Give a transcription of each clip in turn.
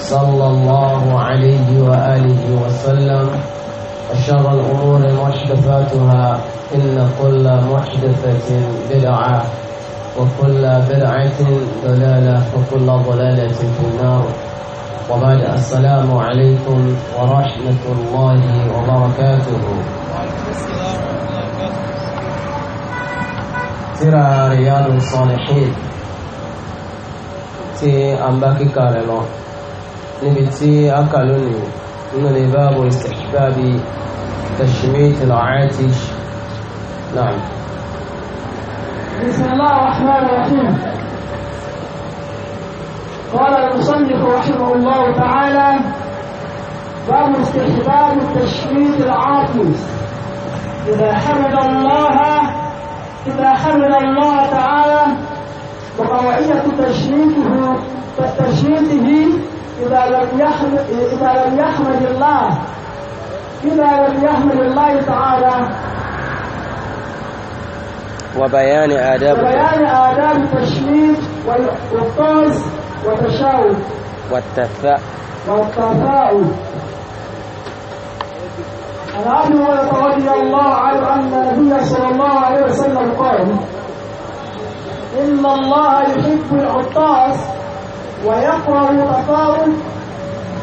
صلى الله عليه وآله وسلم وشر الأمور محدثاتها إن كل محدثة بدعة وكل بدعة ضلالة وكل ضلالة في النار وبعد السلام عليكم ورحمة الله وبركاته ترى رياض الصالحين تي أمباكي كارلون نبتي أكلوني a kà استحباب تشميت العاتش نعم بسم الله الرحمن الرحيم قال المصنف رحمه الله تعالى باب استحباب التشميت العاطس إذا حمد الله إذا حمد الله تعالى وقواعد تشميته تشميته إذا لم يحمد إذا لم يحمد الله إذا لم يحمد الله تعالى وبيان آداب وبيان آداب التشميت والطرز والتشاؤم والتفاء والتثاؤب عن ابي هريره رضي الله عنه ان النبي صلى الله عليه وسلم قال ان الله يحب العطاس ويقرأ التفاؤل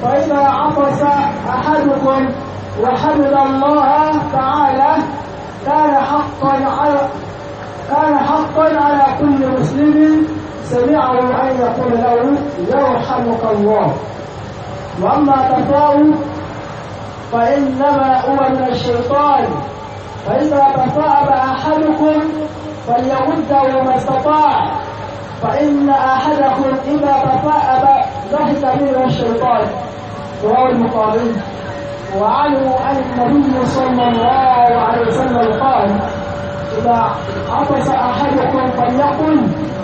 فإذا عطس أحدكم وحمد الله تعالى كان حقا على كان حقا على كل مسلم سمعه أن يقول له يرحمك الله وأما التفاؤل فإنما هو من الشيطان فإذا تثاءب أحدكم فليمده ما استطاع فإن أحدكم إذا تفاءل ضحك من الشيطان رواه البخاري وعلموا أن النبي صلى الله عليه وسلم قال إذا عطس أحدكم فليقل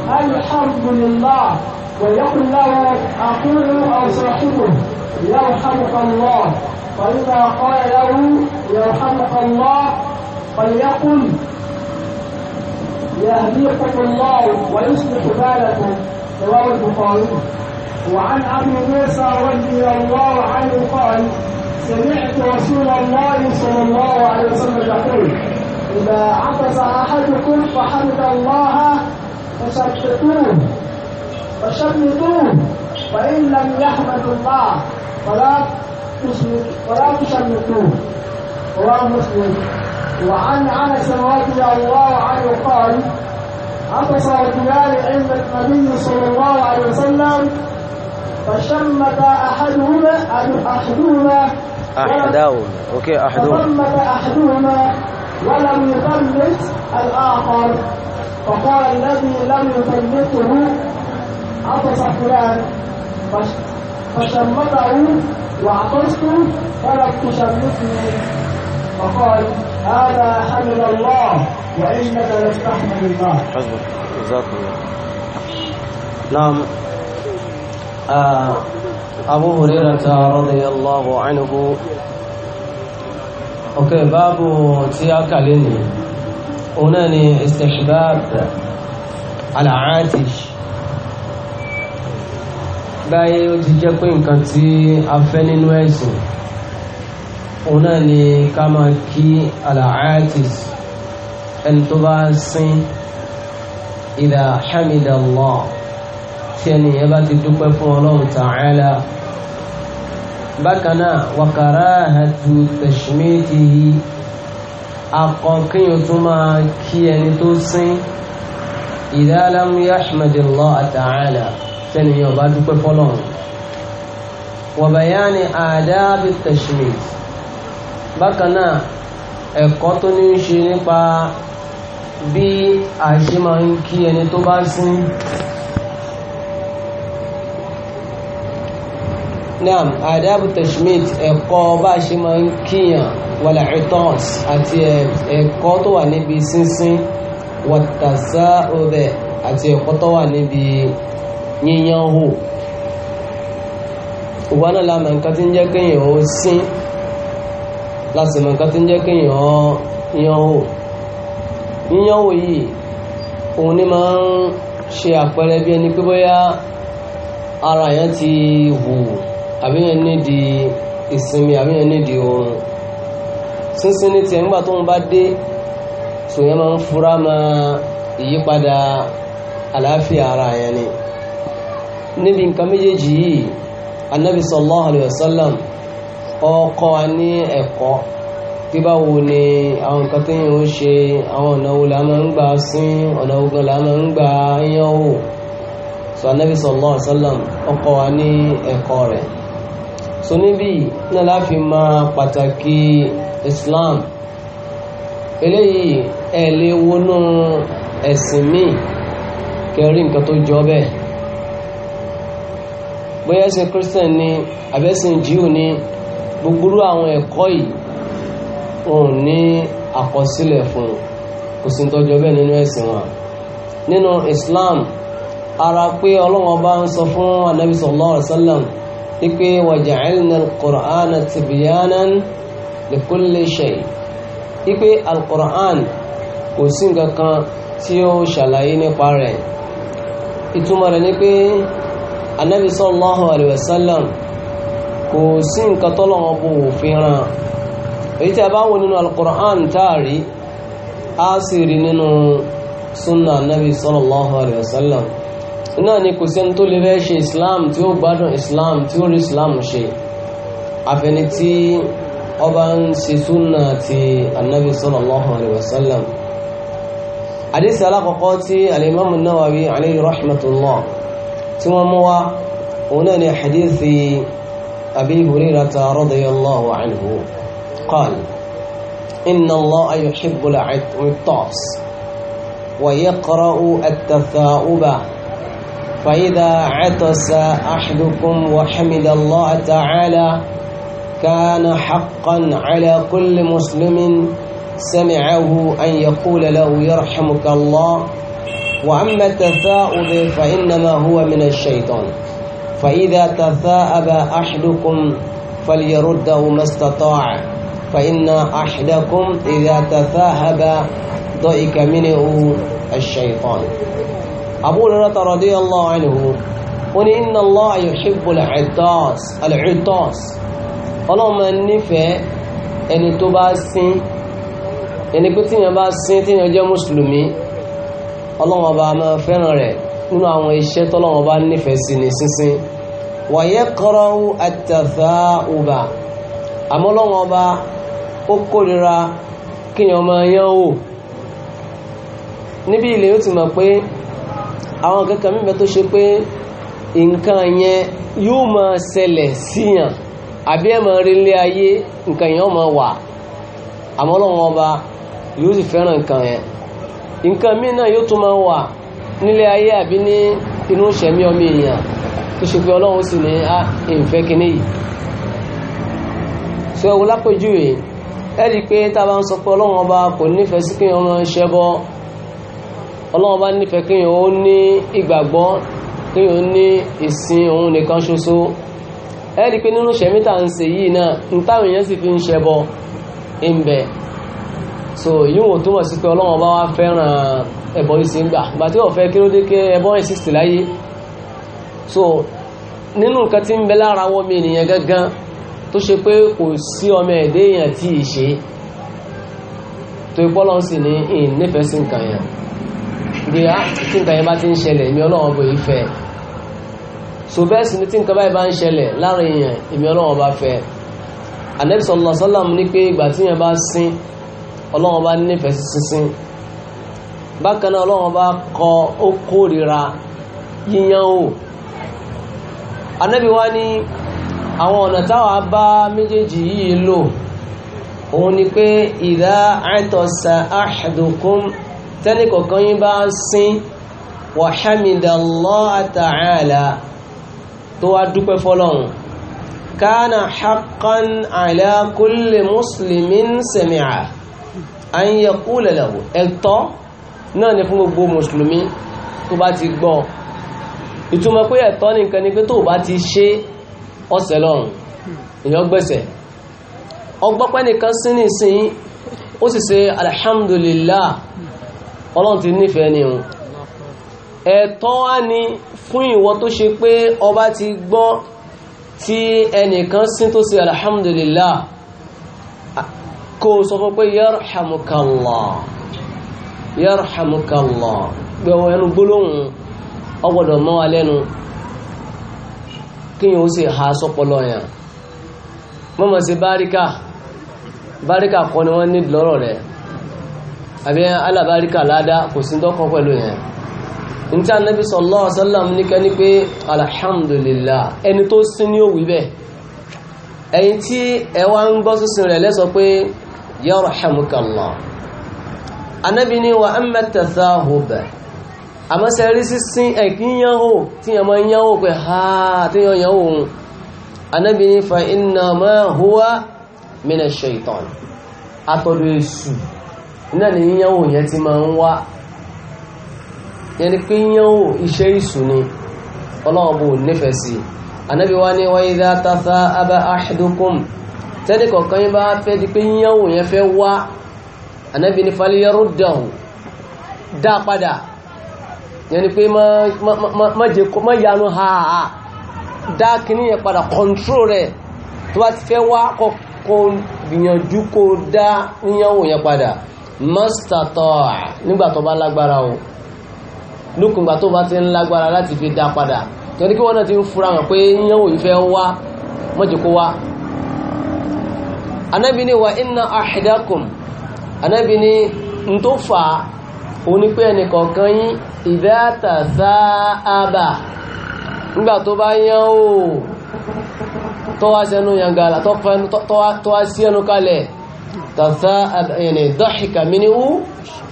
الحمد لله وليقل له أقول أو صاحبه يرحمك الله فإذا قال له يرحمك الله فليقل يهديكم الله ويصلح بالكم رواه البخاري وعن ابي موسى رضي الله عنه قال سمعت رسول الله صلى الله عليه وسلم يقول اذا عطس احدكم فحمد الله فشتتوه فشتتوه فان لم يحمد الله فلا تشمتوه رواه مسلم وعن انس رضي الله عنه قال عطس رجلان عند النبي صلى الله عليه وسلم فشمت احدهما احدهما احدهما اوكي احدهما فشمت احدهما ولم يفلت الاخر فقال الذي لم يفلته عطس فلان فشمته وعطست فلم تشمتني فقال هذا حمد الله وإنك لتحمد الله حسبك جزاك الله نعم آه أبو هريرة رضي الله عنه أوكي باب تياك لني هنا استحباب على عاتش báyé ó ti jẹ́ pé nǹkan tí a fẹ́ nínú ẹ̀sìn òun náà ni ká máa kí alaatis ẹni tó bá sín ìdá hamidallah tí ẹni yẹn bá ti dúpẹ́ fún ọlọ́run ta'ala bákan náà wàkàrà àhàtù tẹ̀símẹ́tì yìí akọ̀kíyàn tó máa kí ẹni tó sín ìdá alámú yahmadillah ta'ala tẹ́ni yẹn bá dúpẹ́ fọlọ́run wàbàyá ni àdábì tẹ̀símẹ́tì bákan náà ẹ̀kọ́ tó ní í ṣe nípa bí a ṣe máa ń kí ẹni tó bá sín naam adabu tashmit ẹ̀kọ́ bá a ṣe máa ń kíyàn wàlẹ̀ ìtọ́s àti ẹ̀kọ́ tó wà níbi sínsín wàtàsá ọbẹ̀ àti ẹ̀kọ́ tó wà níbi yíyan hù ìwọ́n náà lámà nǹkan tí ń jẹ́ kéèyàn ó sín láti mọ nǹkan tí ń jẹ́ kí èèyàn hò yíyan hò yìí òun ni máa ń ṣe àpẹẹrẹ bí ẹni pé bóyá ara yẹn ti wù àbí yẹn nídìí ìsinmi àbí yẹn nídìí oorun sínsín ní tiẹ̀ nígbà tóun bá dé sòyẹn máa ń fura máa ìyípadà àlàáfíà ara yẹn ni níbi nǹkan méjèèjì yìí anabi sallallahu alayhi wa sallam. Ọkọ ní ẹkọ tí báwo ni àwọn nǹkan tó yẹn ń ṣe àwọn ọ̀nà wo la máa ń gbà sín ọ̀nà wo la máa ń gbà yán sọ wa ní ẹkọ rẹ̀ so níbí náà pàtàkì Islam eléyìí ẹ lè ẹ̀sìn míì kẹrí nǹkan tó jọ bẹ́ẹ̀ bóyá ni àbẹ́sìn ni gbogbo àwọn ẹ̀kọ́ yìí òun ní àkọsílẹ̀ fún kò sí tọ́jọ́ bẹ́ẹ̀ nínú ẹ̀sìn wa nínú Islam ara pé ọlọ́wọ́n bá ń sọ fún anabi sallallahu alaihi wípé waja'alna al-Qur'ana tibyanan li kulli wípé al kò sí nǹkan kan tí ó ṣàlàyé nípa rẹ̀ ìtumọ̀ rẹ̀ ni pé anabi sallallahu alaihi kò sí nǹkan tọ́lọ́wọ́n bò òfin ràn èyí tí a bá wò nínú alukur'an táàrí a sì rí nínú sunna nabi sallallahu alayhi wa sallam náà ni kò sẹ́ni tó lè fẹ́ ṣe islam tí ó gbádùn islam tí ó rí islam ṣe àfẹni tí ọba ń ṣe sunna ti anabi sallallahu alayhi wa sallam àdísì alákọ̀ọ́kọ́ tí alimamu Nawawi alayhi rahmatullah tí wọ́n mú wa òun náà ni àdísì أبي هريرة رضي الله عنه قال إن الله يحب العطاس ويقرأ التثاؤب فإذا عطس أحدكم وحمد الله تعالى كان حقا على كل مسلم سمعه أن يقول له يرحمك الله وأما التثاؤب فإنما هو من الشيطان فإذا تثاءب أحدكم فليرده ما استطاع فإن أحدكم إذا تثاهب ضئك منه الشيطان أبو هريرة رضي الله عنه قل إن الله يحب العطاس العطاس اللهم النفع ẹni tó bá sín ẹni pé tíyàn bá sín tíyàn jẹ́ mùsùlùmí ọlọ́wọ́n nínú àwọn iṣẹ́ tọ́lọ́wọ́n bá nífẹ̀ẹ́ sí ni sínsín wàyẹ́ kọ́rọ́ àtàfà ọba àmọ́ lọ́wọ́n ọba ó kórira kíyàn máa yán wò níbi ilẹ̀ yóò ti mọ̀ pé àwọn kankan mímẹ́ tó ṣe pé nǹkan yẹn yóò máa ṣẹlẹ̀ síyàn àbí ẹ̀ máa rí ilé ayé nǹkan yẹn ó máa wà ọba yóò sì fẹ́ràn nǹkan yẹn nǹkan míì náà yóò tún máa wà nílé ayé àbí ní inú ìṣẹ̀mí ọmọ èèyàn tó ṣe pé ọlọ́run sì ní á ah, ìfẹ́ kínní yìí ṣé ewu lápèjúwe ẹ rí i pé tá a bá ń sọ pé ọlọ́run ọba kò nífẹ̀ẹ́ sí kéèyàn máa ń ṣẹbọ ọlọ́run ọba nífẹ̀ẹ́ kéèyàn ó ní ìgbàgbọ́ kéèyàn ó ní ìsìn òun nìkan ṣoṣo ẹ rí i pé nínú ìṣẹ̀mí tá à ń ṣe yìí náà ní táwọn èèyàn sì fi ń ṣẹbọ ń bẹ so yíò wò túmọ̀ sí pé ọlọ́wọ́n bá wá fẹ́ràn ẹbọ yìí sí ń gbà gbà tí ọ̀fẹ́ kí ló dé ké ẹbọ yìí sí láyé so nínú nǹkan tí ń bẹ lára wọn mi ènìyàn gangan tó ṣe pé kò sí ọmọ ẹ̀dẹ́ èèyàn tí ì ṣe tó ipọ́ lọ́n sì ní ìn nífẹ̀ẹ́ sí nǹkan yẹn bí a ah, tí nǹkan yẹn bá ti ń ṣẹlẹ̀ èmi ọlọ́wọ́n bò yí fẹ́ so bẹ́ẹ̀ sì ni tí nǹkan báyìí bá ń ṣẹlẹ̀ láàrin èèyàn èmi ọlọ́wọ́n bá fẹ́ Ànábì sallallahu alaihi ní pé ìgbà tí yẹn bá sin ọlọ́wọ́n bá nífẹ̀ẹ́ sínsín bákan náà ọlọ́wọ́n bá kọ ó kórìíra yíyan o anábì wá ní àwọn ọ̀nà táwa bá méjèèjì yìí lò òun ni pé ìdá àìtọ̀sà ahadukum tẹ́nì kọ̀ọ̀kan yín bá sín wa hamidallaha ta'ala tó wá dúpẹ́ fọ́lọ́run kana haqqan ala kulli muslimin sami'a àyẹ̀kú lẹ̀lẹ̀wò ẹ̀tọ́ náà ni fún gbogbo mùsùlùmí tó bá ti gbọ́ ìtumọ̀ pé ẹ̀tọ́ nìkan ni pé tó bá ti ṣe ọ̀sẹ̀ lọ́rùn èèyàn gbẹ̀sẹ̀ ọgbọ́pẹ́ nìkan sí ní ìsìn ó sì ṣe alhamdulillah ọlọ́run ti nífẹ̀ẹ́ ni òun ẹ̀tọ́ wá ni fún ìwọ tó ṣe pé ọba ti gbọ́ tí ẹnìkan sí tó ṣe alhamdulillah kó o sọ fún pé yarhamukallah yarhamukallah gbẹ̀wọ̀ ẹnu gbólóhùn ọgbọ̀dọ̀ mọ́ wa ha sọ́pọ̀lọ́ yẹn mọ́mọ̀ barika barika báríkà ni wọ́n ní lọ́rọ̀ ala barika alábáríkà ládá kò sí dọ́kọ̀ pẹ̀lú yẹn sallallahu alaihi wasallam ní alhamdulillah tí ẹ ń yarhamukallah anábì ní wa amma at-tathahub àmọ́ sẹ́ rí sísín ẹ̀kí yánwó tí yàn máa yánwó pé ha tí yàn yánwó ohun anábì ní fa innama huwa mina shaitan atọ́dọ̀ èṣù iná ni yánwó yẹn ti máa ń wá yẹni pé yánwó iṣẹ́ ni ọlọ́ọ̀bù nífẹ̀ẹ́ sí anábì wá ní wa idha tathahaba ahadukum tẹ́lẹ̀ kọ̀ọ̀kan yín bá fẹ́ di pé yíyánwò yẹn fẹ́ wá ànábì ní falẹ́yẹrú dàhùn dá padà yẹn ni pé má yanu ha ha dá kíní yẹn padà kọ̀ǹtró rẹ̀ tó bá ti fẹ́ wá kọ́kọ́ gbìyànjú kó dá yíyánwò yẹn padà mọ́sítàtọ̀ nígbà tó bá lágbára o lókùngbà tó bá ti ń lágbára láti fi dá padà torí kí wọ́n náà ti ń fura hàn pé yíyánwò yìí fẹ́ wá mọ́jẹ̀kó wá anábi ni wa inna ahidakum anábi ni n tó fa òun ni pé ẹnìkọ̀ọ̀kan yín ìdáàtà sáábà nígbà tó bá yán o tó wá sí ẹnu yangala tó wá sí ẹnu kalẹ̀ tàṣà ẹni dọ́ṣìkà mínú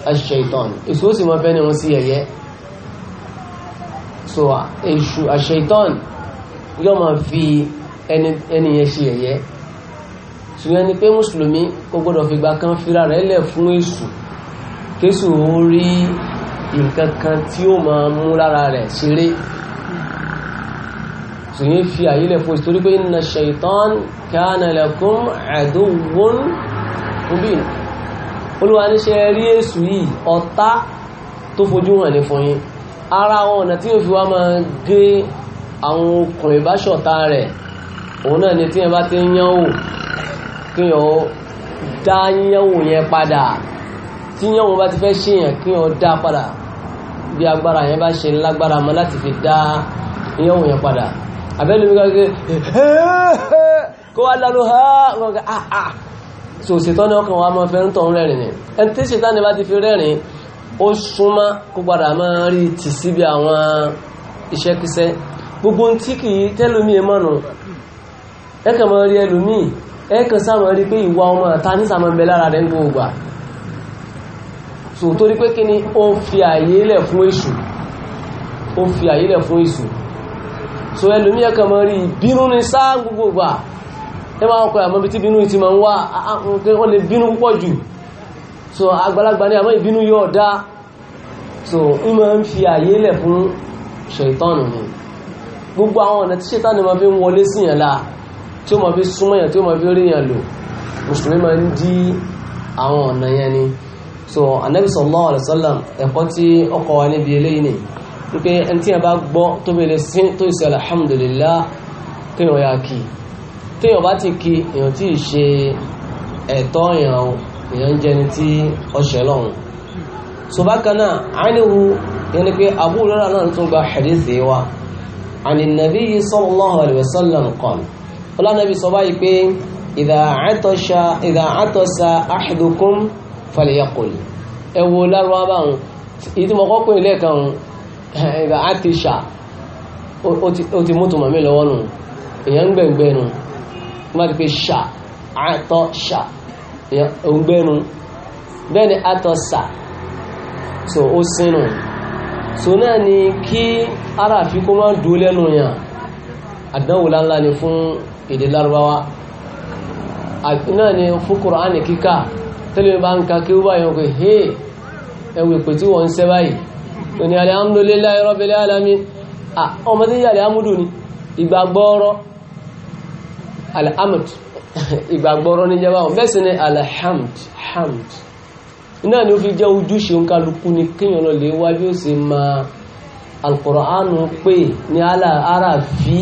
aṣẹ́ìtàn èso sì mọ́ bẹ́ni wọn sí ẹ̀yẹ so èṣù aṣẹ́ìtàn yóò máa fi ẹni yẹn ṣe ṣùgbọ́n ni pé mùsùlùmí kò gbọ́dọ̀ fìgbà kan fira rẹ̀ lẹ̀ fún èṣù kéṣù ó rí nǹkan kan tí ó máa mú lára rẹ̀ ṣeré ṣùgbọ́n fi àyè lẹ̀ fún ìtorí pé inna shaytan kana lakum aduwwun mubin olúwa ní rí èṣù yìí ọ̀tá tó fojú hàn ní fún yín ara àwọn ọ̀nà tí ó fi wá máa gé àwọn okùn ìbáṣọ̀tá rẹ̀ òun náà ni tí ẹ bá ti ń yán wò kí yàn ó dá yẹ̀wò yẹn padà tí yẹ̀wò bá ti fẹ́ ṣe yàn kí yàn ó dá padà bí agbára yẹn bá ṣe lágbára mọ́ láti fi dá yẹ̀wò yẹn padà àbẹ́lú mi kọ́kẹ́ kó wá lálọ́ ha ọ̀gá àà ah, ah. so ṣètọ́ ní ọkàn wa máa fẹ́ ń tọ̀ ń rẹ̀rìn ni ẹni tí ṣètọ́ ni bá ti fi rẹ̀rìn ó súnmọ́ kó padà máa rí tì síbi àwọn iṣẹ́kíṣẹ́ gbogbo tí kì í tẹ́lómi ẹ̀ mọ́nu ẹ̀kẹ́ máa rí ẹlòmíì ẹ̀ẹ́kan sáàmù rí pé ìwà ọmọ àta ní sàmà bẹ lára rẹ̀ ń gbogbo gbà so torí pé kí ni ó ń fi àyílẹ̀ fún èṣù ó fi àyílẹ̀ fún èṣù so ẹlòmí ẹ̀kan mọ́ rí ìbínú ní sáà gbogbo gbà ẹ máa kọ àmọ́ bí tí bínú so àgbàlagbà ní àmọ́ ìbínú so ń máa ń fi àyílẹ̀ fún ṣètọ́nù ni gbogbo àwọn ọ̀nà tí ṣètọ́nù fi ń wọlé síyàn láà tí ó ma fi súnmọ́yàn tí ó ma fi ríyàn lò mùsùlùmí ma ń dí àwọn ọ̀nà yẹn ni so anabi sallallahu alaihi wasallam ẹ̀kọ́ tí ó kọ́ wa níbi eléyìí ni wípé ẹni tí yẹn bá gbọ́ tó bẹ̀rẹ̀ sí tó ìsẹ̀ alhamdulillah téèyàn ya kì í téèyàn bá ti kì èèyàn tí ì ṣe ẹ̀tọ́ èèyàn o èèyàn jẹ́ ni tí ọṣẹ lọ́hùn so bákan náà àìníhu yẹn ni pé Abu Hurairah náà tún gba hadith wa àní nàbí sallallahu alaihi wasallam qala ọlọ́nàbí sọ báyìí pé idha atasa ahadukum falyaqul ẹ wo lárúbá báwọn èyí tí mo kọ́ pé ilé kan idha atisha ó ti mú tòmọ̀ mi lọ́wọ́ nù èèyàn ń gbẹ̀ngbẹ̀ nù má ti pé ṣà àtọ́ ṣà èèyàn ń gbẹ̀nu ó sínú so náà ni kí ara àfikún máa dúó lẹ́nu yàn àdánwò láńlá ni fún èdè lárúbáwá náà ni fún kùránì kíkà tẹ́lẹ̀ bá ń ka kí ó bá yàn pé hé ẹwù ìpè tí wọ́n ń sẹ́ báyìí tó ní alhamdulillahi rabbil alamin ọmọ tí yàrá amúdù ni ìgbàgbọ́rọ́ alhamd ìgbàgbọ́rọ́ ní jẹba wọn bẹ́sẹ̀ ni alhamd hamd náà ni ó fi jẹ́ ojúṣe ń kálukú ni kíyàn lè wá bí ó sì máa alkùránù pé ní aláàfíì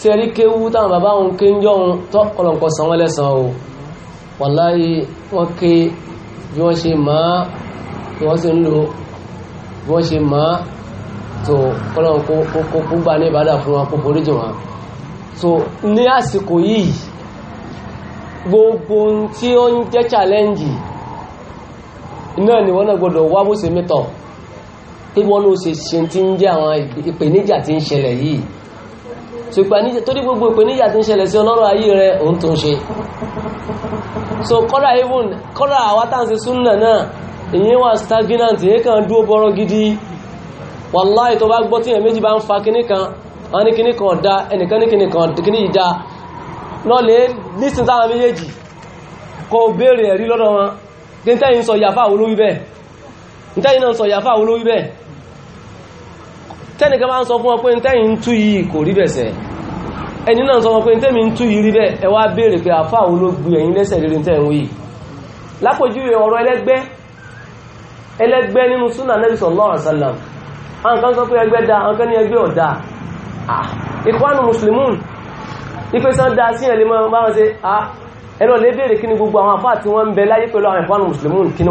tí ẹrí kéwú táwọn bàbá òun ké ń jọun tọ́ ọlọ́nkọ san wọ́n lẹ́sàn o wàláyé wọ́n ké bí wọ́n ṣe máa bí wọ́n ṣe ń lo bí wọ́n ṣe máa tó ọlọ́nkọ kó gbà ní ìbádà fún wọn kó foríjì wọn so ní àsìkò yìí gbogbo tí ó ń jẹ́ challenge náà ni wọ́n náà gbọ́dọ̀ wá bó ṣe mẹ́tọ̀ pé wọ́n ló ṣe ṣe ti ń jẹ́ àwọn ìpèníjà tí ń ṣẹlẹ̀ yìí so ìpèníjà tó dé gbogbo ìpèníjà tí ń ṣẹlẹ̀ sí ọlọ́rọ̀ ayé rẹ òun tó ń ṣe so kọ́dà even kọ́dà àwátàǹsí súnnà náà ìyẹn wà stagnant èyí kan dúó bọ́rọ̀ gidi wàláì tó bá gbọ́ tí èyàn méjì bá ń fa kíní kan wọ́n ní kíní kan dá ẹnìkan ní kíní kan kíní yìí dá náà lè lísìn sáwọn méjèèjì kó béèrè ẹ̀rí lọ́dọ̀ wọn tẹ́nìkan máa ń sọ fún ọ pé ń tẹ́yìn ń tú yìí kò rí bẹ̀sẹ̀ ẹni náà sọ pé ń tẹ́mi ń tú yìí rí bẹ́ẹ̀ ẹ wá béèrè pé àfáà wo ló gbé ẹ̀yìn lẹ́sẹ̀ rírí tẹ́ ń wí lápòjúwe ọ̀rọ̀ ẹlẹ́gbẹ́ Muslimun ife sàn da sí ẹ̀lẹ́ mọ́ báwọn ṣe ẹ̀rọ lè béèrè kí ni gbogbo àwọn àfáà wọ́n ń Muslimun kí ni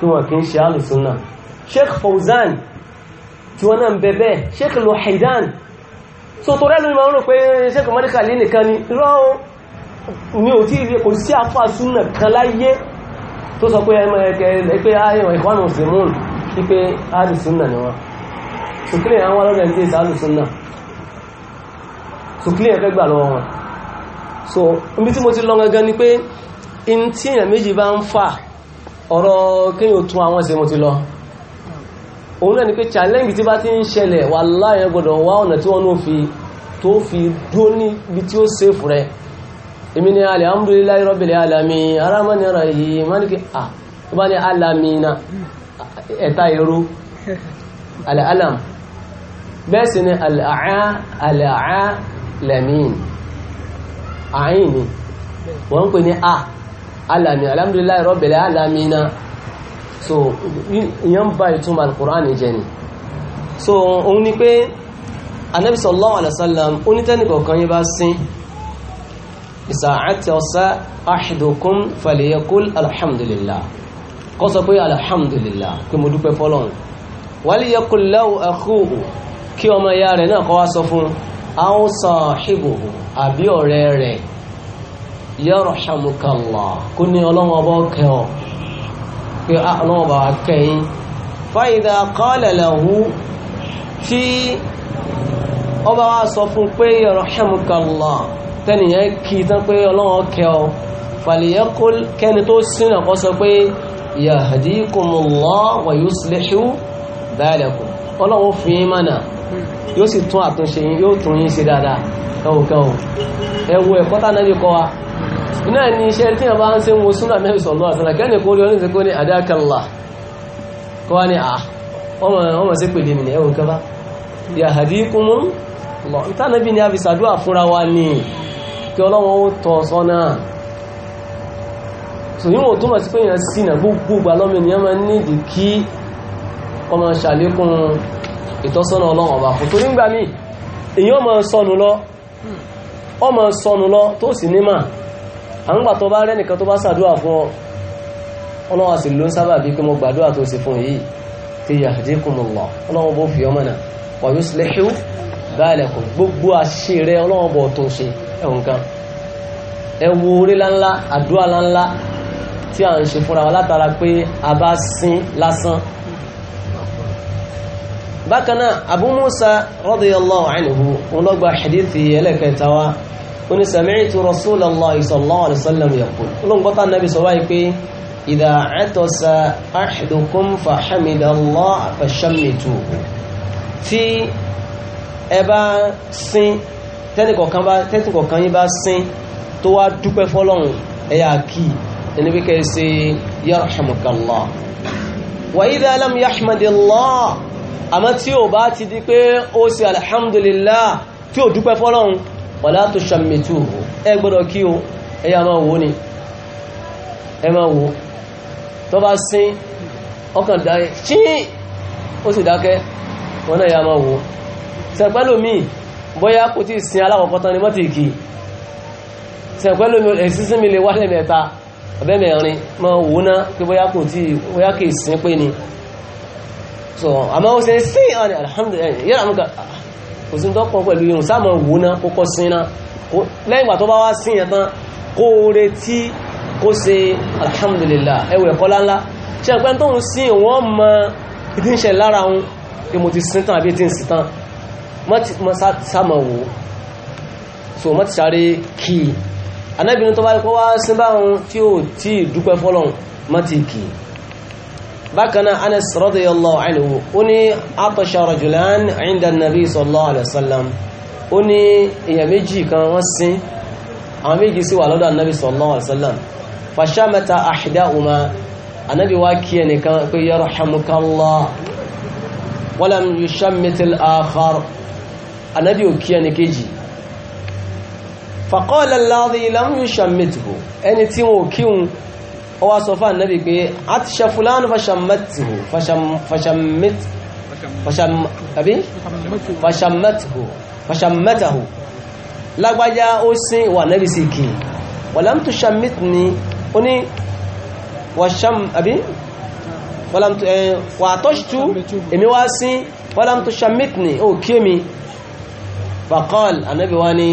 tí wọ́n kí ń ṣe alùsùnà sheikh Fawzan tí wọ́n náà ń bẹ bẹ́ẹ̀ sheikh Luhaidan so tó rẹ́nu ma ń rò pé sheikh mọ́ríkà lé nìkan ni rọ́ọ̀ ni ò tí rí kò sí afá súnà kan láyé tó sọ pé ẹmọ ẹ̀kẹ́ pé ayọ̀ ah, so ibi tí mo ti lọ gangan ni pé in ọ̀rọ̀ kíyàn tún àwọn ṣe mo ti lọ òun náà ni pé challenge tí bá ti ń ṣẹlẹ̀ wà láyẹn gbọ́dọ̀ wá ọ̀nà tí wọ́n fi tó fi dúó níbi tí ó sèfù rẹ̀ èmi ni alhamdulillahi rabbil alamin aramani rahim mánìkì à tó wọ́n ń pè ní a alami alhamdulillahi rabbil alamina so ìyẹn ń ba ìtumọ̀ alukur'an jẹ ni so òun ni pé anabi sallallahu alaihi wasallam onítẹ́nìkọ̀ọ̀kan yẹn bá sín ìsàáàtì ọ̀sá ahadukum falyaqul alhamdulillah kọ́ sọ pé alhamdulillah pé mo dúpẹ́ fọ́lọ́run waliyaqul lahu akhuhu kí ọmọ ya rẹ̀ náà kọ́ wá sọ fún aw sahibuhu àbí ọ̀rẹ́ rẹ̀ yarhamukallah kó ní ọlọ́wọ́ bọ́ kẹ́ ọ pé ah, ọlọ́wọ́ bá kẹ́yìn fáìdà qala lahu tí ọba wá sọ fún pé yarhamukallah tẹ́nìyàn kì í tán pé ọlọ́wọ́ kẹ́ ọ fàlìyẹ́kùl kẹ́ni tó sínà kọ́ sọ pé yahdikumullah wa yuslihu balakum ọlọ́wọ́ fún yín yóò sì tún àtúnṣe yóò tún yín sí dáadáa kẹ́wọ̀kẹ́wọ̀ ẹwọ ẹ̀kọ́ tánàbí kọ́ wa náà ni iṣẹ́ na wọ́n bá ń suna ń sallallahu alaihi wasallam ni a fi sàdúà fúnra wa ní kí ọlọ́wọ́ ó tọ́ sọ́nà so yíwọ̀n tó mọ̀ sí pé èèyàn sí náà ni alọ́mọ ènìyàn o ní ìdí kí ọmọ ṣàlékún ìtọ́sọ́nà ọlọ́wọ́n na kò torí gbà mí èèyàn ọmọ sọnù lọ ọmọ sọnù àmúgbà tó bá rẹ́nìkan tó bá sàdúrà fún ọ ọlọ́wọ́ sì ló ń sábà bí pé mo gbàdúrà tó sì fún yìí ti yahdikumullah ọlọ́wọ́ bó fi ọmọ náà wa yuslihu balakum gbogbo àṣìṣe rẹ ọlọ́wọ́ bọ̀ tó ṣe ẹ̀wọ̀n قل سمعت رسول الله صلى الله عليه وسلم يقول قلون قطع النبي صلى إذا عطس أحدكم فحمد الله فشمتوه tí ẹ bá sín tẹ́nìkọ̀kan bá tẹ́nìkọ̀kan yín bá sín tó wá dúpẹ́ fọ́lọ́run ẹ̀yà kí ẹni bí kẹ́ẹ̀ ṣe yarhamukallah wa idha lam yahmadillah àmọ́ tí ò bá ti di pé ó ṣe alhamdulillah tí ò dúpẹ́ fọ́lọ́run wala tushammituhu ẹ gbọ́dọ̀ kí o ẹ yà máa wò ní ẹ máa wò tó bá sín ọkàn dáyé tí ó sì dákẹ́ wọn náà yà máa wò sẹ̀pẹ́lómi bóyá kò tí sin alákọ̀ọ́kọ́ tán ni mọ́tì kì sẹ̀pẹ́lómi ẹ̀sísìn mi lè wálẹ̀ mẹ́ta ọ̀bẹ́mẹ̀rin máa wò ná pé bóyá kò tí bóyá kì í sin pé ni so àmọ́ ó ṣe sí ọ̀nà alhamdulillah yẹ́rọ kò sí tọ́kàn pẹ̀lú irun sáàmọ̀ wò náà kó kọ́ sí náà lẹ́yìn ìgbà tó bá wá sí yẹn tán kó retí kó ṣe alhamdulillah ẹwẹ̀ ẹ̀kọ́ láńlá ṣe ẹ̀pẹ́ tó ń sí wọ́n mọ ìdí ń ṣe lára ohun èmò ti sin tán àbí ti ń sin tán mọ́ sáàmọ̀ wò so mọ́ ti sáré kí i anábìnrin tó bá bákanáà anas radiyallahu anhu ó ní atasha rajulan inda nabi sallallahu alaihi wasallam ó ní èyàn méjì kan wọ́n sín àwọn méjì sí wà lọ́dọ̀ nabi sallallahu alaihi wasallam fashamata ahidahuma anabi wá kí ẹnìkan pé yarhamukallah walam yushammit al-akhar anabi ò kí ẹnìkejì faqala alladhi lam yushammithu ẹni tí wọn ò ó wá sọ fún ànábì pé atisha fulani fashamatihu fashamatihu fashamatahu lágbájá ó sín ìwà ànábì sí kì wàlám tó shamit ni ó ní wàṣam àbí wàlám tó ẹ̀ wà tọ́ṣtú èmi wá sín wàlám tó shamit ni ó kí mi fàkọ́l ànábì wá ní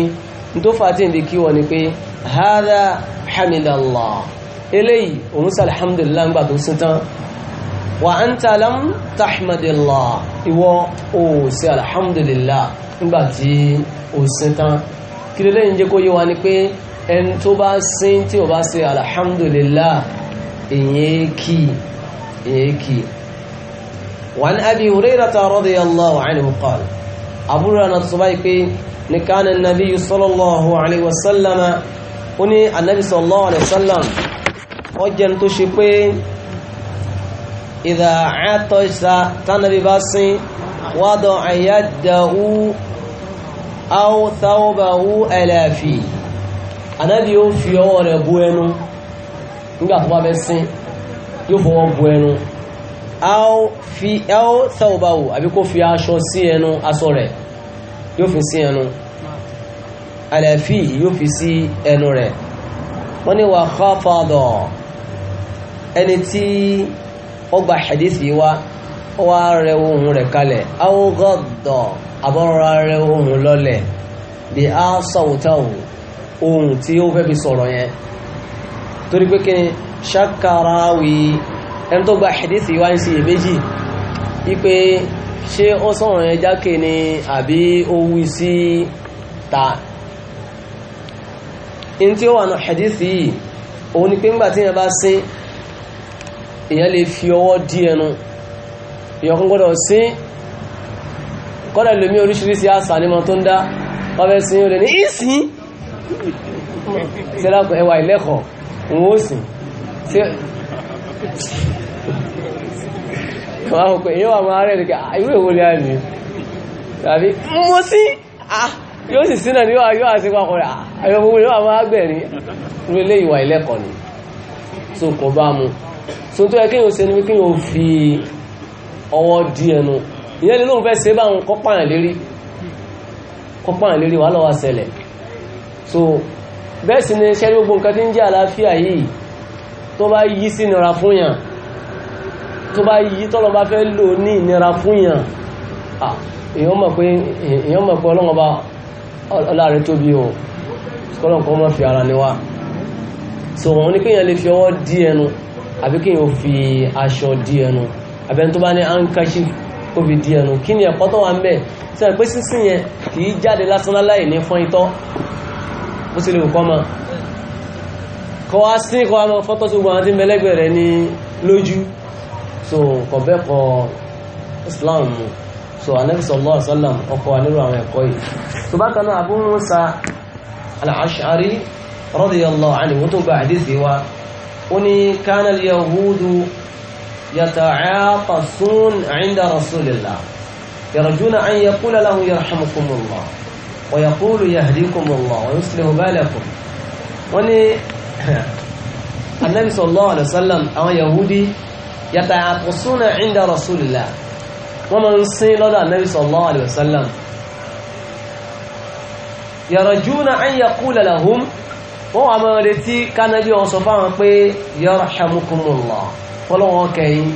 tó fàtí ìdíkí wọ ni pé hádá hamidallah eléyìí òun sàlẹ̀ alhamdulillah ńgbà tó sín tán wà á ń ta lam tahmadillah ìwọ ò sí alhamdulillah ńgbà tí ó sín tán kí lè lẹ́yìn jẹ́ kó yé wa ni pé ẹni tó bá sín tí ó bá sí alhamdulillah ìyẹn kì ìyẹn kì wà ní abi hurayrata radiyallahu anhu qala àbúrò àná tó báyìí pé ní nàbí sallallahu alaihi wasallam ó ní annabi sallallahu alaihi wasallam ọ jẹni tó ṣe pé ìdá àtọ́ ìsá tánàbí bá sín wádọ̀ àyájáwú áwọ́tàwọ́bàwú ẹlẹ́fì anábi ó fi ọwọ́ rẹ̀ bú ẹnu nígbà tó bá bẹ́ sín yóò fọwọ́ bú ẹnu áwọ́tàwọ́bàwú àbí kó fi aṣọ sí ẹnu aṣọ rẹ̀ yóò fi sí ẹnu ẹlẹ́fì yóò fi sí ẹnu rẹ̀ wọ́n ni wà kọ́ fọ́dọ̀ ẹni tí ó gba hadith yìí wá ó wá rẹ ohun rẹ̀ kalẹ̀ awogọ́dọ̀ abọ́rọ̀ rẹ ohun lọ́lẹ̀ bí a sọ̀wọ́tàwò ohun tí ó fẹ́ fi sọ̀rọ̀ yẹn torí pé kíni ṣakarawi ẹni tó gba hadith yìí wá ń ṣiyè méjì ipe ṣé ó sọ̀rọ̀ yẹn jákè ni àbí ó wí sí ta in tí ó wà ní hadith yìí òun ni pé ńgbà tí yẹn bá sin èyàn lè fi ọwọ́ dí ẹnu ìyọkún gbọ́dọ̀ sí kọ́dà lómi oríṣiríṣi àṣà nímọ̀ tó ń dá ọbẹ̀ sí olè ní ìsìn sẹ́lápọ̀ ẹwà ìlẹ́kọ̀ọ́ òun ó sìn tí wọ́n á pẹ̀ yóò àwọn ará ẹ̀dẹ̀kẹ́ ìwé ìwò lè àní tàbí mo sí yóò sì sínà ní yóò àti pàkọ̀rẹ̀ àyọ̀gbogbo yóò àwọn agbẹ̀rin ilé ìwà ìlẹ́kọ̀ọ́ ni so kò bá mu so tó yẹ kí yóò ṣe ní kí yóò fi ọwọ́ di ẹnu ìyẹn lè lóun fẹ́ ṣe báwọn kọ́pàyàn lérí kọ́pàyàn lérí wà lọ́wọ́ ṣẹlẹ̀ so bẹ́ẹ̀ sì ni ṣẹ́rí gbogbo nǹkan tí ń jẹ́ àlàáfíà yìí tó bá yí sí nira fún yàn tó bá yí tọ́lọ bá fẹ́ lò ní ìnira fún yàn èèyàn mọ̀ pé ọlọ́wọ́ bá ọláàrẹ tóbi o kọ́lọ̀ mọ́ fi ara ni wá so wọ́n ní kéèyàn lè fi ọwọ́ di ẹnu àbí kí yóò fi aṣọ dí ẹnu àbí ẹni tó bá ní ankashi kó fi dí ẹnu kí ni ẹ̀kọ́ tó wà ń bẹ̀ sẹ́yìn pé sísìn yẹn kì í jáde lásán láì ní fọ́n itọ́ bó sì lè kọ́ ma kọ́ wá sí kọ́ wá mọ́ fọ́tọ́ sí gbogbo àwọn tí ń bẹ́lẹ́gbẹ̀ẹ́ rẹ̀ ní lójú so kọ̀ bẹ́ẹ̀ kọ́ Islam mu so anabi sallallahu alaihi wasallam wa nínú àwọn ẹ̀kọ́ yìí so bákan náà Abu Musa al-Ash'ari radiyallahu anhu tó gba àdìsí wa oni kana yahudu yata'aqasun 'inda rasulillah yarjuna an yaqula lahu yarhamukumullah wa yaqulu yahdikumullah wa yuslihu balakum oni annabi sallallahu alaihi wasallam àwọn yahudi yata'aqasuna 'inda rasulillah wa man sin lada annabi sallallahu alaihi wasallam yarjuna an yaqula lahum wọ́n wà máa retí kánábí wọn sọ fáwọn pé yarhamukumullah fọlọ́wọ́n kẹyìn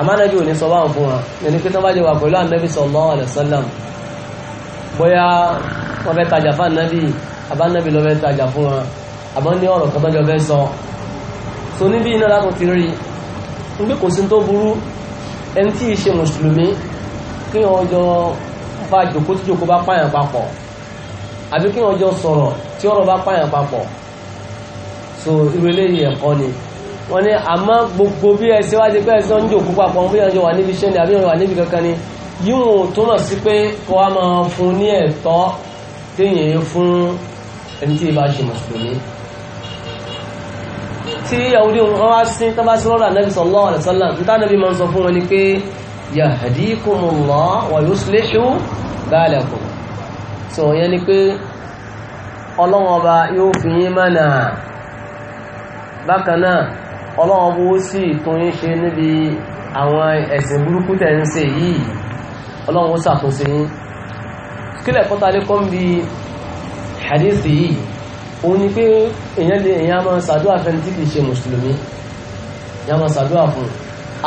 àmánábí ò ní sọ báwọn fún wa ẹni pé tó bá jẹ wà pẹ̀lú ànábì sallallahu alaihi wasallam bóyá wọ́n fẹ́ tajà fún ànábì àbánábì ló fẹ́ tajà fún wa àbọ̀ ní ọ̀rọ̀ kan tọ́jọ́ fẹ́ sọ so níbí àbí kí wọ́n jọ sọ̀rọ̀ tí ọ̀rọ̀ bá pààyàn papọ̀ so irú eléyìí ẹ̀kọ́ ni wọ́n ni àmọ́ gbogbo bí ẹsẹ̀ wájú pé ẹsẹ̀ ń jòkó papọ̀ bí ẹjọ́ wà níbi iṣẹ́ ni àbí ẹjọ́ wà níbi kankan ni yíwọ̀n túmọ̀ sí pé kọ́ a máa fún ní ẹ̀tọ́ téèyàn fún ẹni tí ìbá ṣe mùsùlùmí tí yahudi wọn wá sí tó sí lọ́rọ̀ ànábì sallallahu alaihi wasallam níta nàbí máa ń sọ fún wọn ni pé yahdikumullah wa yuslihu balakum sọ yẹn ni pé ọlọ́wọ́n ọba yóò fi yín mọ̀nà bákan náà ọlọ́wọ́n ọba ó sì tún yín ṣe níbi àwọn ẹ̀sìn burúkú tẹ̀ ń ṣe yìí ọlọ́wọ́n ó ṣàtúnṣe yín kílẹ̀ kọ́ta lé kọ́ ń bi hadisi yìí òun ni pé èèyàn lè èèyàn máa ṣàdúrà fẹ́ni tí kìí ṣe mùsùlùmí èèyàn máa ṣàdúrà fún un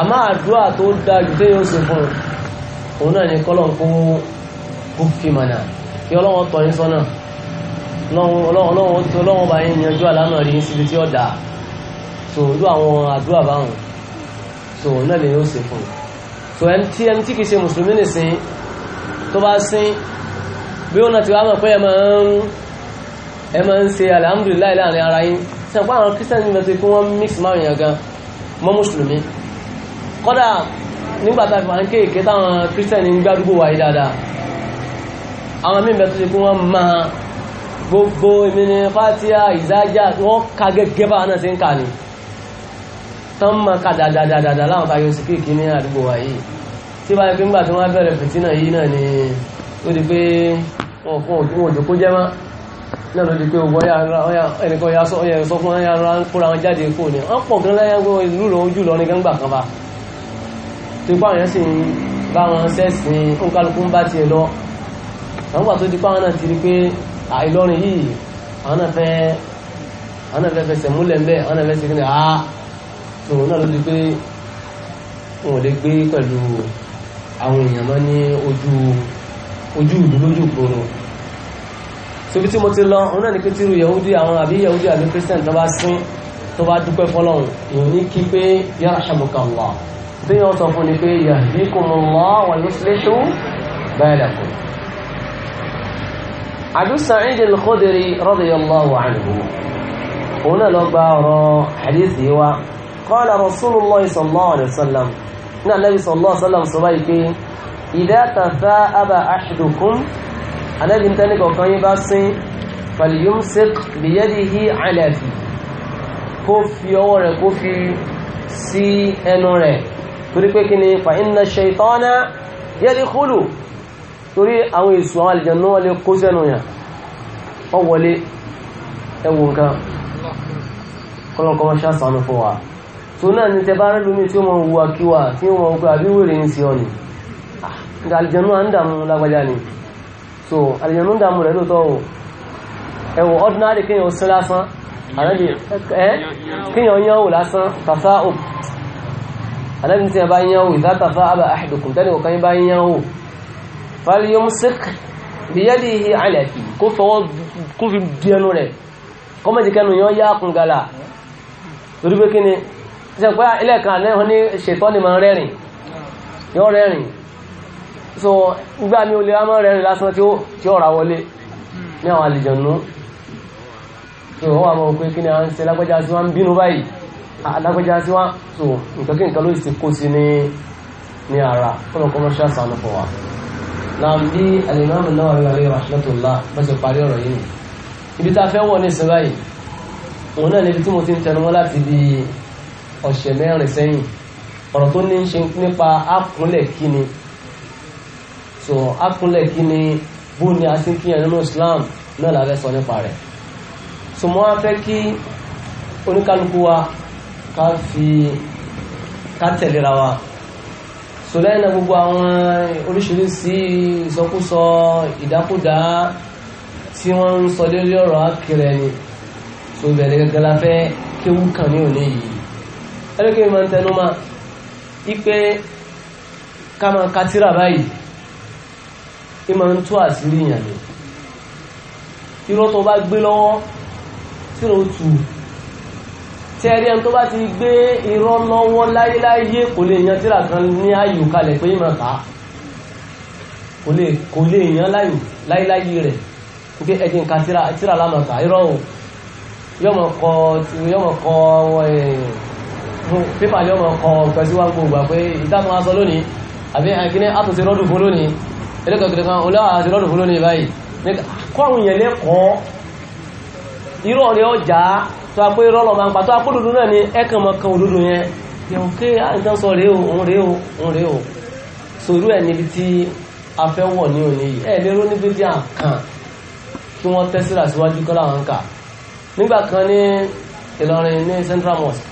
àmọ́ àdúrà tó dáa jù téèyàn ṣe fún un òun náà ni kọ́lọ̀ ń kó kó kí ọlọ́wọ́n tọ́ yín sọ́nà ọlọ́wọ́n bá yín yanjú àlánà rí síbi tí ó dà so irú àwọn àdúrà báwọn so náà lè yóò ṣe fún un so ẹni ẹni tí kìí ṣe mùsùlùmí nìsín tó bá sín bí ó náà ti wá mọ̀ pé ẹ máa ń ẹ máa ń ṣe alhamdulilayi láàrin ara yín sẹ́n pé àwọn christian ní lọ́tí kí wọ́n mix márùn yàn gan mọ́ mùsùlùmí kọ́dà nígbà tá a fi wà ń kéèké táwọn christian ń gbádùgbò wáyé dáadáa àwọn mímẹ tó ṣe kí wọ́n máa gbogbo ìmìnì fátíà ìzájá wọ́n ka gẹ́gẹ́ bá náà sí ń kà ní tán ma ka dàdàdàdà láwọn báyọ̀ sí kéèkì ní àdúgbò wa yìí tí bá yẹ pé ńgbà tí wọ́n bẹ̀rẹ̀ fìtínà yìí náà ni ó di pé wọn fún jẹ́ mọ́ náà ló di pé ògbọ́n ẹnìkan ya sọ fún ẹyà ara ń kóra wọn jáde kó ni wọ́n pọ̀ gan lẹ́yìn pé ìlú lọ ojú lọ ní gbàngbà kan bá àwọn gbà tó di pé àwọn náà ti rí pé Ìlọrin yìí àwọn náà fẹ́ àwọn náà fẹ́ fẹsẹ̀ múlẹ̀ ń bẹ́ àwọn náà fẹ́ segin ní a tòun náà ló di pé wọn ò lè gbé pẹ̀lú àwọn èèyàn mọ́ ní ojú ojú ìlú lójú ìgboro tóbi tí mo ti lọ òun náà ní pétérù yahudi àwọn àbí yahudi àbí christian tó bá sín tó bá dúpẹ́ fọlọ́run èèyàn ní kí pé yarhamukallah tí yóò sọ fún ni pé yahdikumullah wa yuslihu balakum Abu Sa'id al-Khudri radiyallahu anhu òun náà lọ gba ọ̀rọ̀ hadith yìí wá qala rasulullah sallallahu alayhi wa sallam ní anabi sallallahu alayhi wa sallam sọ báyìí pé idha tatha'aba ahadukum anabi tẹ́ni kọ̀ọ̀kan yín bá sín falyumsik biyadihi ala fi kó fi ọwọ́ rẹ̀ kó torí àwọn èsù àwọn àlìjànú wọn lè kó sẹ́nu yàn ọ wọlé ẹwù nǹkan kọlọ́kọ́ wọn ṣàṣàánú fún wa tó náà ní tẹ́bá rẹ̀ lómi tí ó máa wùwà kíwà tí ó máa wùkọ́ wèrè ń sí ọ ni ah, àlìjànú ń dààmú lágbájá ni so àlìjànú ń dààmú rẹ̀ lóòótọ́ o ẹwù ordinary kéèyàn sí lásán àlẹ́bí ẹ kéèyàn yán wò lásán tàfá òkú àlẹ́bí tí ẹ bá yán wò ìdá tàfá àbá àhìdùkù tẹ́lẹ̀ kọ̀ọ̀kan yín falyumsik biyadihi alẹ́kì kó fọwọ́ kó fi di ẹnu rẹ̀ kó mọ̀ jẹ́kẹ́nu yaa yá gala torí pé kí ni ṣe pé ilẹ̀ kan náà ni ṣètọ́ ni ma rẹ́rìn yọ rẹ́rìn so gbá mi ò lè máa rẹ́rìn lásán tí ó ra wọlé ní àwọn àlìjọ̀nú so wọ́n wà mọ̀ pé ni à ń ṣe lágbájá sí wọn ń bínú báyìí alágbájá sí wa so nǹkan náà bí alimami náà wà lórí rahmatullah bó ṣe parí ọ̀rọ̀ ibi tá a fẹ́ wọ̀ ní ìsìn báyìí òun náà níbi tí mo ti ń tẹnumọ́ láti di ọ̀sẹ̀ mẹ́rin sẹ́yìn ọ̀rọ̀ tó ní í ṣe nípa ákúnlẹ̀ kíni so ákúnlẹ̀ kíni bó ni a ti ń kíyàn nínú Islam náà la fẹ́ sọ nípa rẹ̀ so mo wá fẹ́ kí oníkálukú wa ká fi ká tẹ̀léra wa so lẹ́yìn náà uh, gbogbo àwọn uh, oríṣiríṣi ìsọkúsọ ìdákúdá tí wọ́n ń sọ lórí ọ̀rọ̀ akẹrẹ ni so bẹ̀rẹ̀ gẹ́gẹ́ la fẹ́ kéwú kan ní òní yìí ẹlẹ́kẹ́ mi máa ń tẹnu mọ́ ipe ká máa ka tírà báyìí kí máa ń tú àṣírí ìyàn ni irọ́ tó bá gbé lọ́wọ́ tí ó tù tí ẹ̀rí ẹni tó bá ti gbé irọ́ lọ́wọ́ láyéláyé kò lè yan tíra kan ní ayò kalẹ̀ pé ìmọ̀ ká kò lè yan láyéláyé rẹ̀ pé ẹ̀jẹ̀ nǹkan tíra lámọ̀ ká irọ́ o yọmọ kọ yọmọ kọ pépà ni ọmọ kọ nǹkan sí wọn gbogbo pé ìtàkùn aṣọ lónìí àbí àkíní àtúnṣe rọ́dù fún lónìí ẹlẹ́kọ̀ọ́kiri kan olóhà àti rọ́dù fún lónìí báyìí kọ́ àwọn tó a pé rọ́lọ̀ máa ń pa tó a pé òdodo náà ni ẹ̀kan mọ́ kan òdodo yẹn yẹ̀wò ké àìsàn ah, sọ rèé o òun rèé o òun rèé o sòrú ẹ̀ níbi tí a fẹ́ wọ̀ ní òní yìí ẹ̀ lérò níbi tí a kàn kí wọ́n tẹ́ síra síwájú kọ́ làwọn kà nígbà kan ní Ìlọrin ní Central Mosque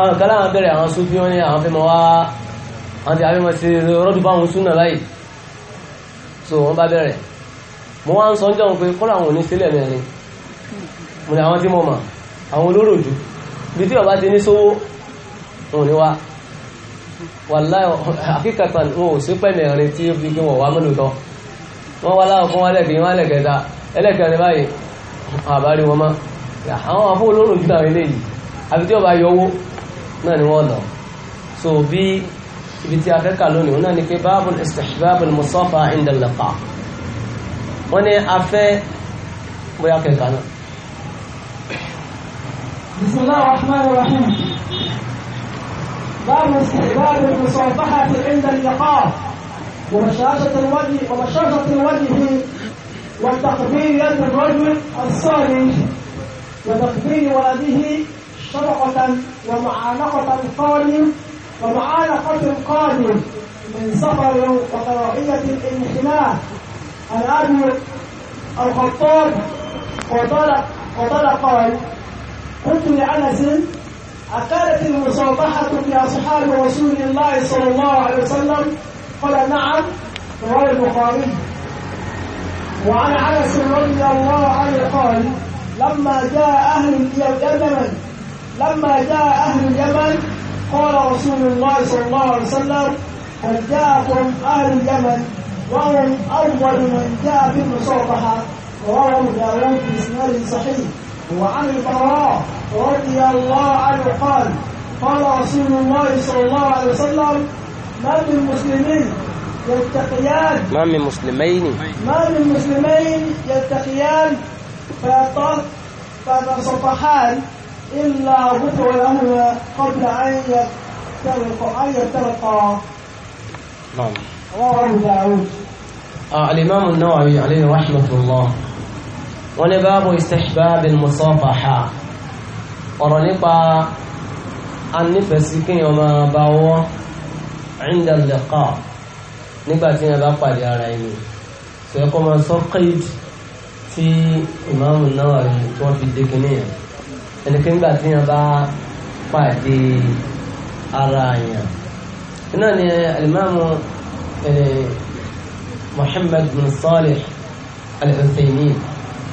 àwọn kan láwọn bẹ̀rẹ̀ àwọn sófin wọn ni àwọn fẹ́ mọ́ wá àwọn ti àbẹ́mọ̀ sí rọ́dù báwọn súnà láyìí so wọ́n bá bẹ̀rẹ̀ mo wá ń sọ ọjọ́ pé kọ́lá àwọn oníṣẹ́lẹ̀ mẹ́rin mo ní àwọn tí mo mọ̀ àwọn olóró jù bí tí ọba ti ní sówó òun ni wá wàláì àkíkàtà wọn ò sí pẹ̀lú ẹ̀rin tí ó fi kí wọ́n wá mọ́lòtọ́ wọ́n wá láwọn fún wọn lẹ́gbẹ̀ẹ́ wọn lẹ́gbẹ̀ẹ́ta ẹlẹ́kẹ̀ẹ́rin báyìí àbárí wọn mọ́ àwọn afọ́ olóró jù náà eléyìí àbí tí ọba yọ náà ni wọ́n lọ so bí ibi tí a fẹ́ kà lónìí wọn náà ni pé babul istihbabul musafa inda wọn ni a fẹ́ bóyá kẹ̀kẹ́ náà بسم الله الرحمن الرحيم باب استحباب المصافحة عند اللقاء وبشاشة الوجه وبشاشة الوجه وتقبيل يد الرجل الصالح وتقبيل ولده شرقة ومعانقة القادم ومعانقة القادم من سفر وكراهية الانحناء عن ابي الخطاب وطلق وطلق قال قلت لأنس أقالت المصافحة في أصحاب رسول الله صلى الله عليه وسلم قال نعم رواه البخاري وعن أنس رضي الله عنه قال لما جاء أهل اليمن لما جاء أهل اليمن قال رسول الله صلى الله عليه وسلم قد جاءكم أهل اليمن وهم أول من جاء بالمصافحة رواه داود بإسناد صحيح وعن البراء رضي الله عنه قال قال رسول الله صلى الله عليه وسلم ما من مسلمين يتقيان ما من مسلمين ما من مسلمين يتقيان فيتصفحان إلا غفر لهما قبل أن يتلقى أن يتلقى نعم رواه داود آه الإمام النووي عليه رحمة الله wọ́n ní báàbù istihbab al-musafaha ọ̀rọ̀ nípa anífẹ̀sí kéèyàn máa bá wọ́ inda al-liqa nígbà tí yẹn bá pàdé ara ẹni sọ ẹ̀kọ́ máa sọ kéèdì tí ìmáàmù náà rẹ̀ tí wọ́n fi dé kínní yẹn ẹni pé nígbà tí bá pàdé ara yẹn iná ni alimami eh, Muhammad bin Salih al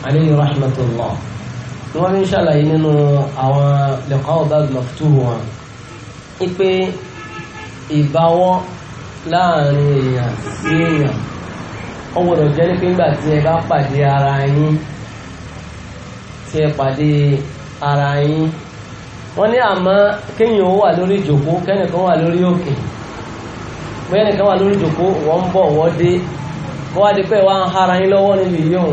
aleyhi rahmatullah ni wọ́n ní ṣàlàyé nínú àwọn liqa'u bab maftuh wọn ipe ìbáwọ́ láàrin èèyàn sí èèyàn ó gbọ́dọ̀ jẹ́ ní pé ńgbà tí ẹ bá pàdé ara yín tí ẹ pàdé ara yín wọ́n ní àmọ́ kéèyàn ó wà lórí ìjòkó kẹ́nìkan wà lórí òkè bẹ́ẹ̀ nìkan wà lórí ìjòkó wọ́n ń bọ̀ wọ́n dé kó wá di pé wọ́n ń hara yín lọ́wọ́ níbi yóò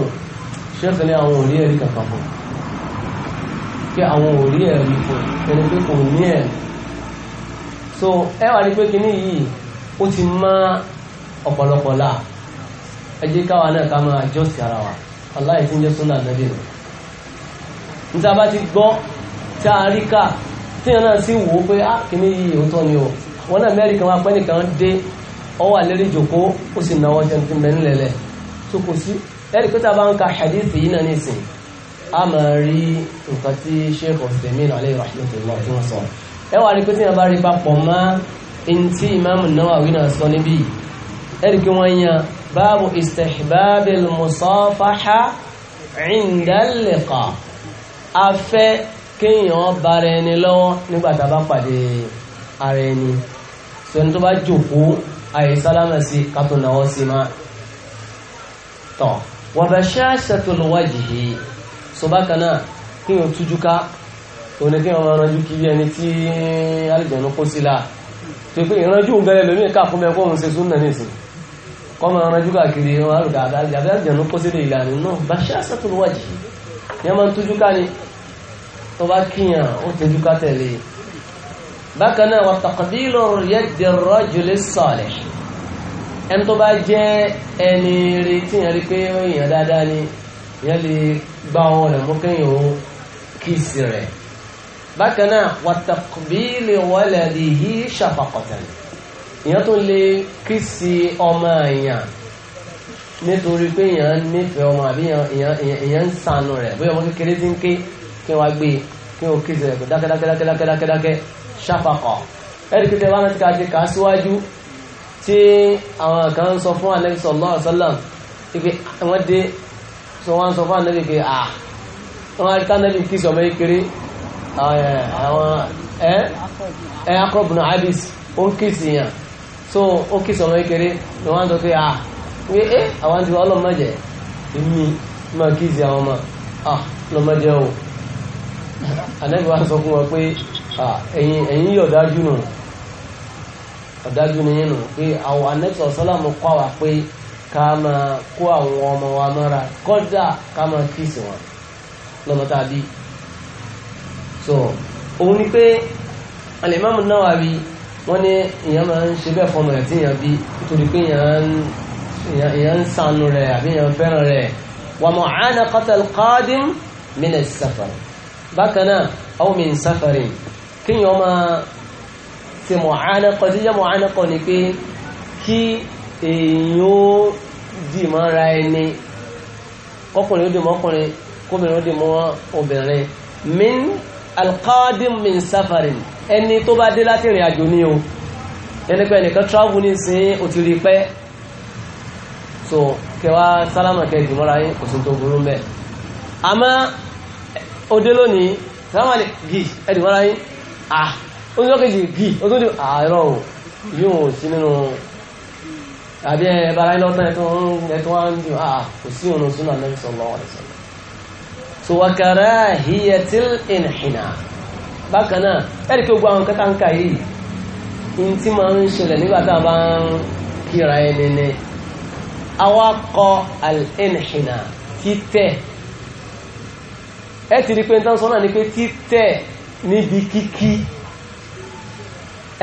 ṣẹ́ẹ̀kì ní àwọn òrí ẹ̀rí kankan fún kí àwọn òrí ẹ̀rí fún ẹni pé kò ní ẹ̀rí so ẹwà wà ní pé kíní yìí ó ti má ọ̀pọ̀lọpọ̀ là káwa náà ká máa jọ́sì ara wa aláì tí ń jẹ́ súnà nàbí ti gbọ́ a rí ká tíyàn náà sì wò ó pé á ah, ni o wọn náà mẹ́rin kan wá pẹ́ nìkan dé ó sì náwó so kò ẹ̀rí pé tàbá ń ka hadithi yìí náà nísìn a máa rí nǹkan tí sheikh ọ̀sẹ̀mìn alayhi rahmatullah tí wọ́n sọ ẹ wà rí pé tí wọ́n bá rí papọ̀ mọ́ in tí imam Nawawi náà sọ níbí ẹ̀rí pé wọ́n yan báàbù istihbabil musafaha indal liqa afẹ́ kéèyàn bara ẹni lọ́wọ́ nígbà tá a bá pàdé ara ẹni sọni tó bá jòkó àyè sálámà sí kátó náwó sí máa tán wabashashatul wajhi so bákan náà kí wọn tújú ká òun ni kí wọn máa ranjú kiri ẹni tí alìjẹ̀nu kó sí láà tó pé ìranjú gẹ́lẹ́ lómi ká fún mi òun ṣe súnà nìsín kọ́ máa ranjú káàkiri wọn àrùkà kó sí ìlànà ẹni tó bá jẹ́ ẹni rí tí yẹn rí pé èèyàn dáadáa ni yẹn lè gbá ọwọ́ rẹ̀ mú kéèyàn ó kíìsì rẹ̀ bákan náà wàtàkùbílì wọlẹ̀lì yìí ṣàfàkọ̀tàn èèyàn tó lè kíìsì ọmọ èèyàn nítorí pé èèyàn nífẹ̀ẹ́ ọmọ àbí èèyàn ń sànù rẹ̀ bóyá ọmọ kékeré ti ń ké kí wọ́n gbé e, kí wọ́n kíìsì rẹ̀ dákẹ́dákẹ́dákẹ́dákẹ́dákẹ́ ṣàfàkọ̀ ẹ̀rí tí àwọn kan sọ fún anabi sallallahu alaihi wasallam ike wọ́n dé sọ wọ́n sọ fún ah wọ́n rí tánabi kí sọmọ àwọn abis ó ń kí so ó kí sọmọ ekele ni wọ́n sọ pé ah pé ẹ eh, àwọn ti ọlọmọdé èmi ah o anabi wa sọ fún wọn pé ah, ọ̀dájú ni yẹn nù pé àwọn anẹ́tọ̀ sọ́làmù kọ́ wa pé ká máa kó àwọn ọmọ wa mọ́ra kọ́dà ká máa kíìsì wọn lọ́mọ tá a bí. so òun ni pé Al-Imam Nawawi wọ́n ní ìyẹn máa ń ṣe bẹ́ẹ̀ fọmọ rẹ̀ tí ìyẹn bí nítorí pé ìyẹn ń sànù rẹ̀ àbí ìyẹn fẹ́ràn rẹ̀ wa mu'anaqat al-qadim min as-safar bákan náà aw min safarin kíyàn máa ṣe mọ̀ánẹ́kọ̀ tí jẹ́ mọ̀ánẹ́kọ̀ ni pé kí èèyàn ó dì mọ́ra ẹni kọkùnrin ó dì mọ́kùnrin kóbìnrin ó dì mọ́ obìnrin min alqadim min safarin ẹni tó bá dé láti ìrìn àjò ní o ẹni pé ẹnìkan travel ní sin ó ti rí pẹ́ so kẹwa sálámà kẹ dì mọ́ra yín kò sí tó burú mẹ́ àmọ́ ó lónìí sálámà lè gì ẹ dì mọ́ra yín ah onílọ́kejì gì ó tó di àárọ̀ o yóò sí nínú àbí ẹ bára ẹ lọ́tàn ẹ̀tọ́ ẹ̀tọ́ wá ń dùn àà ah, kò sí òun súnà Nabi sallallahu alaihi wasallam so wa karahiyatil inhina bákan náà ẹ̀rí pé gbogbo àwọn kẹta ń kà yìí ní tí máa ń ṣẹlẹ̀ nígbà tá a bá ń kíra ẹni ni awakọ̀ al-inhina títẹ̀ ẹ ti rí pé ń tán sọ́nà ni pé títẹ̀ níbi kíkí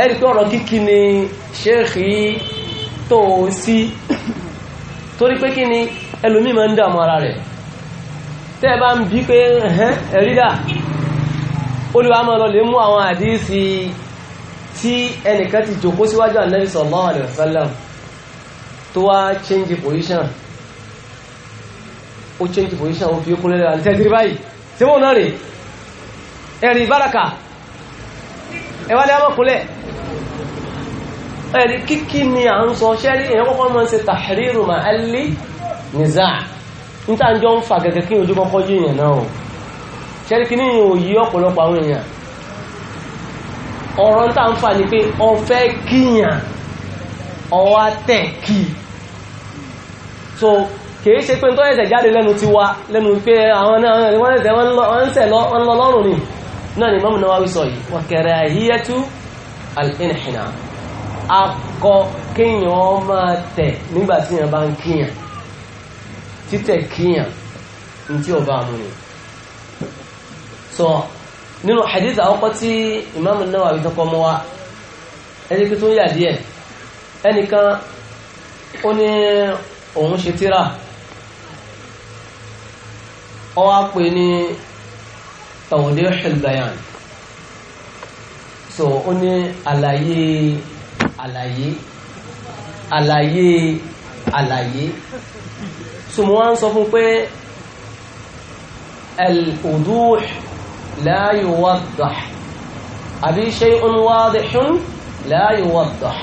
ẹ̀rí pé ọ̀rọ̀ kíkí ni ṣéèkì tó sí torí pé kí ni ẹlòmí máa ń dààmú ara rẹ̀ tẹ́ ẹ bá ń bí pé ẹ̀rí dà olùwà máa lọ lè mú àwọn àdíìsì tí ẹnìkan ti jòkó síwájú ànábì sallallahu alaihi tó wá change position ó change position ó fi kúnlẹ̀ lẹ́wà ní tẹ́tìrí báyìí tí wọ́n náà rè ẹ̀rí báraka ẹwàlẹ́ amọ́kúnlẹ̀ ẹ̀rí kíkí ni à ń sọ ṣẹ́rí èyàn kọ́kọ́ mọ́ sí tàhírù ma alì nìzá níta jọ ń fa gẹ̀gẹ̀ kí ojú kọ́kọ́ yí èyàn náà ṣẹ́rí kí ní òyí ọ̀pọ̀lọpọ̀ àwọn èèyàn ọ̀rọ̀ níta ń fa ni pé ọ̀fẹ́ kíyàn ọwọ́ tẹ̀ kí so kìí ṣe pé nítorí ẹ̀sẹ̀ jáde lẹ́nu tiwa lẹ́nu pé àwọn náà wọ́n ń sẹ̀ lọ́rùn ni náà ni Imam Nawawi sọ yìí wa karahiyatu al-inhina akọ kéèyàn máa tẹ̀ nígbà tí yẹn bá ń kíyàn títẹ̀ kíyàn ní tí ọba àmúni sọ nínú hadith àkọ́kọ́ tí Imam Nawawi tọkọ mọ́ wa ẹni tó ń yà díẹ̀ ẹnìkan ó ní òun ṣe tíra ọwọ́ pè ní توضيح البيان so ó ní àlàyé àlàyé àlàyé àlàyé so mo wá ń sọ fún pé الوضوح لا يوضح àbí شيء واضح لا يوضح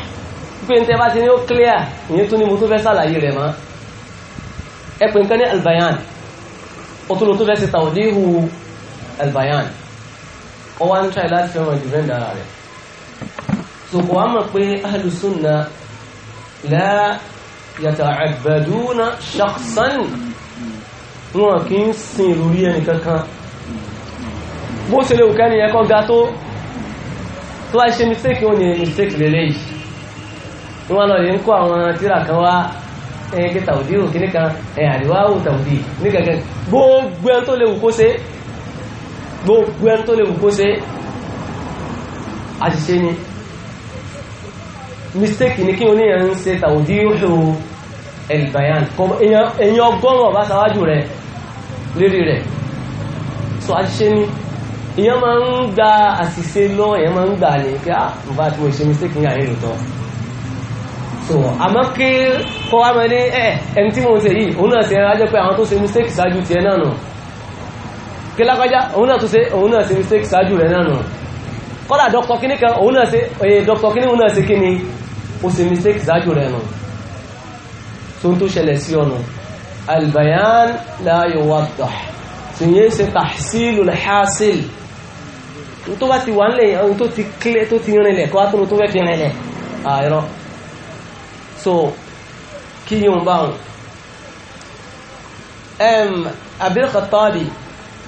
pé n tẹ́ bá ti ní ó clear ìyẹn tún ní mo tó fẹ́ sàlàyé rẹ̀ mọ́ ẹ pè nǹkan ní albayan ó tún lo tó fẹ́ ṣe tàwọn díhù albayan ó wá ń try láti fẹ́ràn defend ara rẹ̀ so kò wá mọ̀ pé ahlu sunna la yata'abbaduna shakhsan wọn kì í sin ìròrí ẹnì kankan bó ṣe lè òkè ẹni ẹ̀kọ́ ga tó tó wá ṣe mistake ó ní mistake lélẹ́ yìí wọ́n lọ lè ń kó àwọn tíra kan wá ẹ̀yìn kí tàwùdí òkè nìkan ẹ̀yìn àríwá òtàwùdí nígbàgbẹ́ gbogbo ẹni tó lè wù kó ṣe é gbogbo ẹni tó lè wù kó ṣe àṣìṣe ni mistake ni kí o níyàn ń ṣe tàwùdí òṣèwò ẹ̀lìbàyàn èyàn ọgọ́rùn ọ̀bá sáwájú rẹ̀ lérí rẹ̀ so àṣìṣe ni èyàn máa ń gba àṣìṣe lọ èyàn máa ń gbà ní kí á bá tí mo ṣe mistake ní àárín ìrìtọ́ so àmọ́ kí kọ́ wá mọ́ ní ẹ̀ eh, ẹni tí mo ṣe yìí òun náà ṣe rájọ́ pé àwọn tó ṣe mistake ṣáájú tiẹ̀ náà nù kí lágbájá òun náà tó ṣe òun náà ṣe mistake ṣáájú rẹ̀ náà nù kọ́dà dr kínní kan òun náà ṣe oye eh, dr kínní òun náà ṣe kínní ó ṣe mistake ṣáájú rẹ̀ nù tó ń tó ṣẹlẹ̀ sí ọ̀nà albayan la yuwaddah tí yẹn ṣe tahsilul hasil tó bá ti wà ń lẹ̀ ohun tó ti kílẹ̀ tó ti rinlẹ̀ kọ́ átúnu tó fẹ́ fi rinlẹ̀ àìrọ́ so kí yóò bá wọn abir Khattabi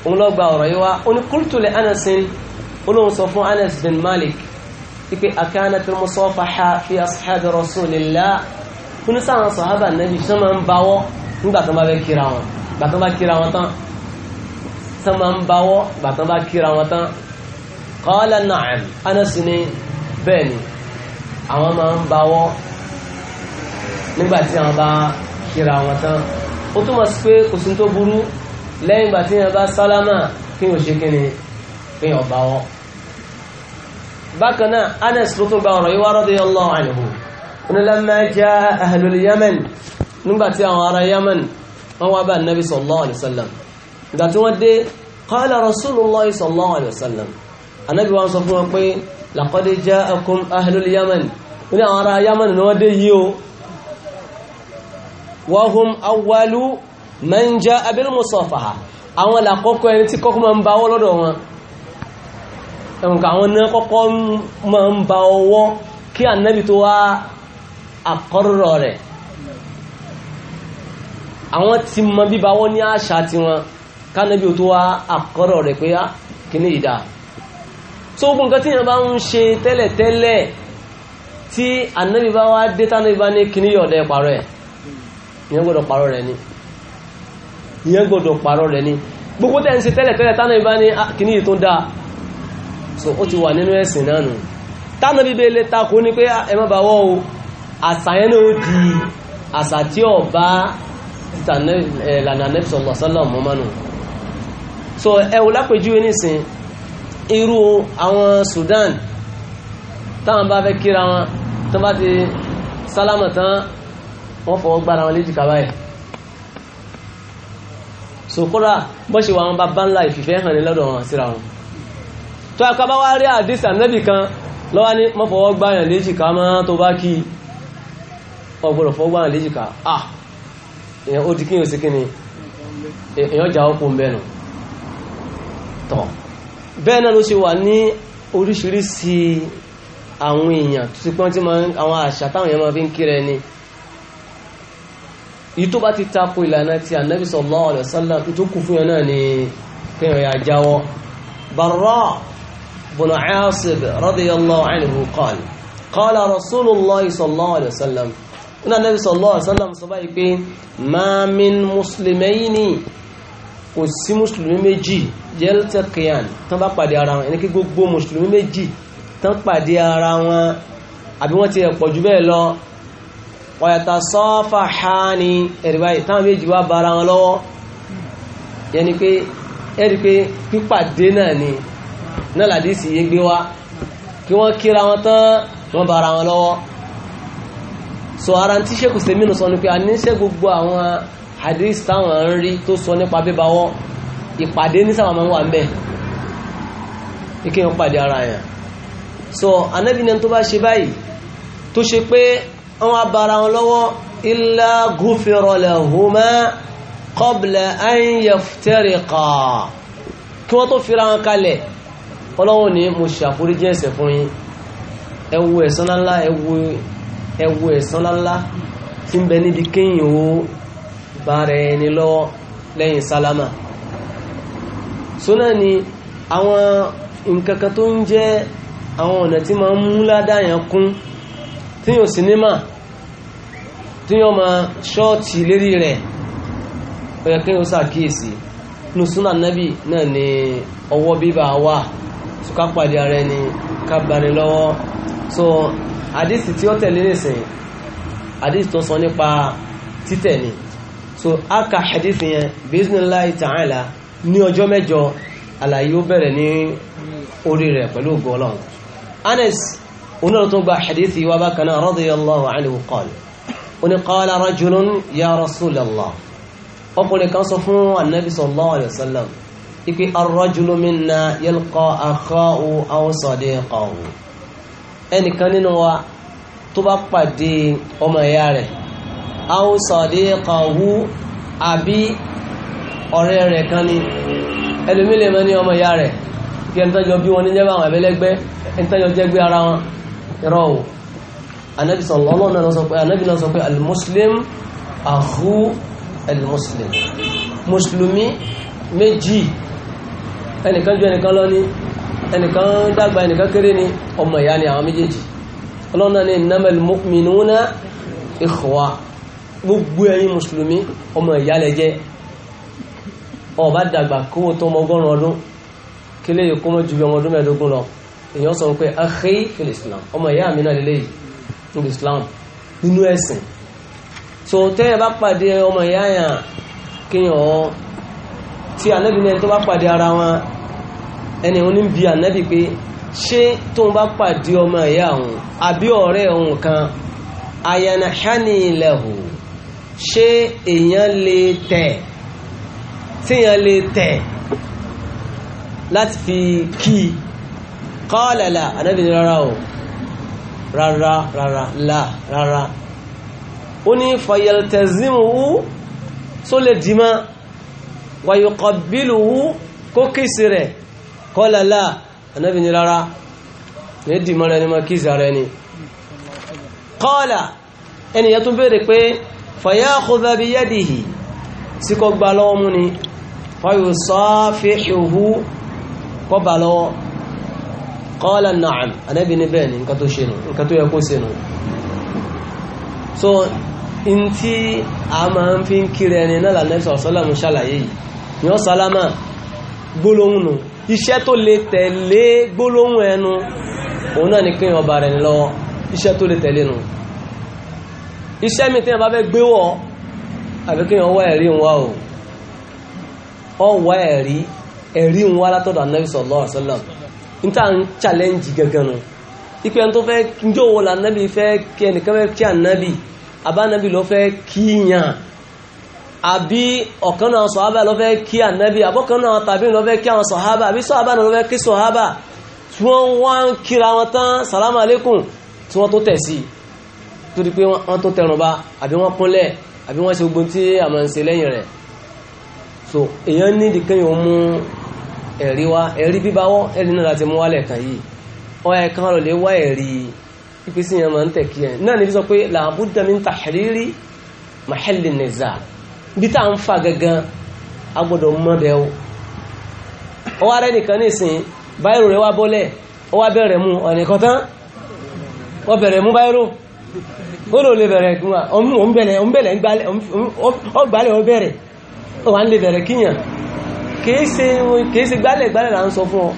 òun lọ gba ọ̀rọ̀ yìí wá ó ní kúrútùlẹ̀ anasin olóhùn sọ fún anas bin malik ipe akana fi musafaha fi ashabi rasulillah fún sáwọn sọ̀hábà nàbí tí wọ́n máa ń bawọ́ nígbà tó bá fẹ́ kíra wọn gbà tó bá kíra wọn tán tí wọ́n máa ń bawọ́ gbà bá kíra wọn tán qala na'am anas ní bẹ́ẹ̀ ni àwọn máa ń bawọ́ nígbà àwọn bá kíra wọn tán ó túmọ̀ sí pé kò sí tó burú lẹ́yìn ìgbà tí yẹn bá sálámà kí yẹn ò ṣe kíni kí yẹn ọba wọn. bákan náà Anas ló tún gba ọ̀rọ̀ yìí wá radiyallahu anhu onílẹ́mẹ́ jẹ́ ahlul Yemen nígbà tí àwọn ará Yemen wọ́n wá bá nabi sallallahu alayhi wa sallam ìgbà tí wọ́n dé qala rasulullah man jaa bil musafaha àwọn làkọ́kọ́ ẹni tí kọ́kọ́ máa ń ba ọwọ́ lọ́dọ̀ wọn ẹ̀wọ̀n àwọn náà kọ́kọ́ máa ń ba ọwọ́ kí ànábì tó wá àkọ́rọ̀ rẹ̀ àwọn ti mọ bíba ọwọ́ ní àṣà tiwọn kánábì tó wá àkọ́rọ̀ rẹ̀ pé kíní ìdá tó gbọ́n nǹkan tí yẹn bá ń ṣe tẹ́lẹ̀tẹ́lẹ̀ tí ànábì bá wá dé tánábì bá ní kíní yọ̀ọ̀dẹ́ pàrọ̀ ẹ̀ ìyẹn gbọ́dọ̀ pàrọ̀ rẹ̀ ni ìyẹn gbọ́dọ̀ pààrọ̀ rẹ̀ ni gbogbo tẹ́ ń ṣe tẹ́lẹ̀ tẹ́lẹ̀ tánà ìbá ní ah, kìíní tó dáa so ó ti wà nínú ẹ̀sìn náà nù tánà bíbẹ̀ lè takò ní pé ah, ẹ má bàwọ́ o àṣà yẹn di àṣà tí ó bá lànà nẹ́fẹ̀sọ̀lọ̀ sọ́lọ̀ so ẹ wò lápèjúwe nísìn irú àwọn Sudan táwọn bá fẹ́ kíra wọn tó bá ti sálámà wọ́n fọwọ́ gbára wọn léjìká báyìí so kódà bó ṣe wà wọn bá bá ńlá ìfìfẹ́ hàn ní lọ́dọ̀ wọn síra wọn tó ẹ̀ka bá wá rí àdìsí ànábì kan lọ́wọ́ ní mọ́fọwọ́ gbáyàn léjìká mọ́ tó bá kí ọgbọ̀rọ̀ fọ́ gbáyàn léjìká ah èyàn ó di kí sí kí ni jà ó kún bẹ́ẹ̀nù tọ́ bẹ́ẹ̀ náà ló ṣe wà ní oríṣiríṣi àwọn èèyàn tó ti pọ́n tí àwọn àṣà táwọn èèyàn máa fi ń kíra ẹni yìí tó bá ti tako ìlànà ti ànábì sallallahu alaihi wasallam tó kù fún yẹn náà ni kéèyàn yà jáwọ́ barra bùnà Asib radiyallahu anhu qala qala rasulullahi sallallahu alaihi wasallam iná ànábì sallallahu alaihi wasallam sọ báyìí pé ma min muslimayni kò sí mùsùlùmí méjì yaltaqiyan tán bá pàdé ara wọn ẹni àbí wọ́n ti ẹ̀pọ̀ jù bẹ́ẹ̀ lọ wàyàtà sọ́fà ha ní ẹ̀rìbá ìtàn méjì wá bára wọn lọ́wọ́ yẹni pé ẹ̀rì pé pípàdé náà ni náà làdísì yé gbé wá kí wọ́n kíra wọn tán wọ́n bára wọn lọ́wọ́ so ara tí sẹ́kù sẹ́mínú sọ ni pé a ní sẹ́ gbogbo àwọn hadith táwọn ń rí tó sọ nípa bíbá wọn ìpàdé ní sábà máa ń wà ń bẹ̀ kí wọ́n pàdé ara yẹn so anábìnrin tó bá ṣe báyìí tó ṣe pé àwọn abara wọn lọ́wọ́ illa ghufira lahuma qabla an yaftariqa kí wọ́n tó fira wọn kalẹ̀ ọlọ́wọ́ ni mo ṣàforíjì ẹ̀ṣẹ̀ fún yín ẹ wo ẹ̀san lánlá ẹ wo ẹ̀san lánlá tí ń bẹ níbi kéyìn ó bára ẹni lọ́wọ́ lẹ́yìn sálámà sónà ni àwọn nǹkan kan tó ń jẹ́ àwọn ọ̀nà tí máa ń mú ládáyàn kún tí yóò sinimá tí wọ́n ma ṣọ́ọ̀tì lérí rẹ̀ ó yẹ kí wọ́n ṣàkíyèsí nínú súnà nábì náà ni ọwọ́ bíbá wà tó ká pàdé ara ẹni ká bani lọ́wọ́ so àdìsí tí ó tẹ̀lé nìsín àdìsí tó sọ nípa títẹ̀ ni so a ka àdìsí yẹn bisimilahi ta'ala ní ọjọ́ mẹ́jọ àlàyé ó bẹ̀rẹ̀ ní orí rẹ̀ pẹ̀lú ògo ọlọ́run anes onílọ́tún gba àdìsí wa bákan náà radiyallahu anhu qala ó ní qala rajulun ya rasulallah ọkùnrin kan sọ fún anabi sallallahu alayhi wa sallam ipe arrajulu minna yalqa akhahu aw sadiqahu ẹnìkan nínú wa tó bá pàdé ọmọ ìyá rẹ̀ aw sadiqahu àbí ọ̀rẹ́ rẹ̀ kan ni ẹlòmí lè mọ́ ní ọmọ ìyá rẹ̀ kí ẹni tọ́jọ bí wọn ní jẹ́ bá àwọn ẹ̀bẹ́lẹ́gbẹ́ ẹni tọ́jọ jẹ́gbé ara wọn ìrọ̀ o anabi sallallahu alaihi wasallam pé anabi náà sọ pé almuslim ahu almuslim mùsùlùmí méjì ẹnìkan ju ẹnìkan lọ ní ẹnìkan dàgbà ẹnìkan kéré ní ọmọ ìyá ni àwọn méjèèjì ọlọ́run náà ní innamal mu'minuna ikhwa gbogbo ẹ̀yin mùsùlùmí ọmọ ìyá lẹ jẹ́ ó bá dàgbà kó o tó ọmọ ọgọ́rùn ọdún kí lè kó mọ́ ju bí ọmọ ọdún mẹ́ẹ̀ẹ́dógún lọ èèyàn sọ pé akhi fil islam ọmọ ìyá mi náà lélẹ́yìí nínú Islam nínú ẹ̀sìn so tẹ́yẹ̀ bá pàdé ọmọ ìyá yàn kíyàn ọ́ tí ànábì náà tó bá pàdé ara wọn ẹni òun ní bí ànábì pé ṣé tóun bá pàdé ọmọ ìyá òun àbí ọ̀rẹ́ òun kan ayana hani lẹ́hù ṣé èèyàn lè tẹ̀ tíyàn lè tẹ̀ láti fi kí kọ́ọ̀lẹ̀lá ànábì ní rárá o rárá rárá là rárá ó ní fayaltazimuhu só lè dìímá wayuqabbiluhu kó kíìsì rẹ̀ kọ́lá là anábì ní rárá ní dìímá rẹ̀ ní ma kíìsì rẹ̀ ni kọ́lá ẹniyàn tún bèèrè pé fayakhudha biyadihi sí kọ́ gbà lọ́wọ́ mú ni fayusafihuhu kọ́ bà lọ́wọ́ qala na'am anábì ní bẹ́ẹ̀ ni ko se so nti a máa fi ń kiri ẹni náà lànàbì sọ̀sọ́làmù ṣàlàyé yìí ni sálámà gbólóhùn nù iṣẹ́ tó lè tẹ̀lé gbólóhùn ẹnu òun náà ni lọ iṣẹ́ tó lè tẹ̀lé mi bá fẹ́ gbé àbí o wá ẹ̀rí ẹ̀rí ń wá látọ̀dọ̀ níta ń challenge gangan nù ipe ẹni tó fẹ́ njó wo la nábì fẹ́ kí ẹnìkan fẹ́ kí ànábì àbánábì ló fẹ́ kíyàn àbí ọ̀kan náà sọ̀hábà ló fẹ́ kí ànábì àbọ̀kan náà tàbí ló fẹ́ kí àwọn sọ̀hábà àbí sọ̀hábà náà ló fẹ́ kí sọ̀hábà tí wọ́n wá kíra wọn tán sàlámù alaykum tí wọ́n tó tẹ̀ sí torí pé wọ́n tó tẹ̀rùn bá àbí wọ́n kúnlẹ̀ àbí wọ́n ṣe gbogbo tí lẹ́yìn rẹ̀ so èèyàn ní ìdíkẹ́yìn òun mú ẹ̀rí wá ẹ̀rí bíbáwọ́ ẹ̀rí náà láti mú wálẹ̀ kan yìí ọ̀yà ẹ̀kan lè wá ẹ̀rí sí yẹn máa ń tẹ̀kí ẹ̀ náà sọ pé bí tá à fa gangan a gbọ́dọ̀ mọ́ o ọwọ́ ara ẹnìkan wá bọ́lẹ̀ ó wá ọ̀nìkan tán wọ́n bẹ̀rẹ̀ mú ó lè bẹ̀rẹ̀ kí kìí ṣe kìí ṣe gbálẹ̀ gbálẹ̀ là ń sọ fún ọ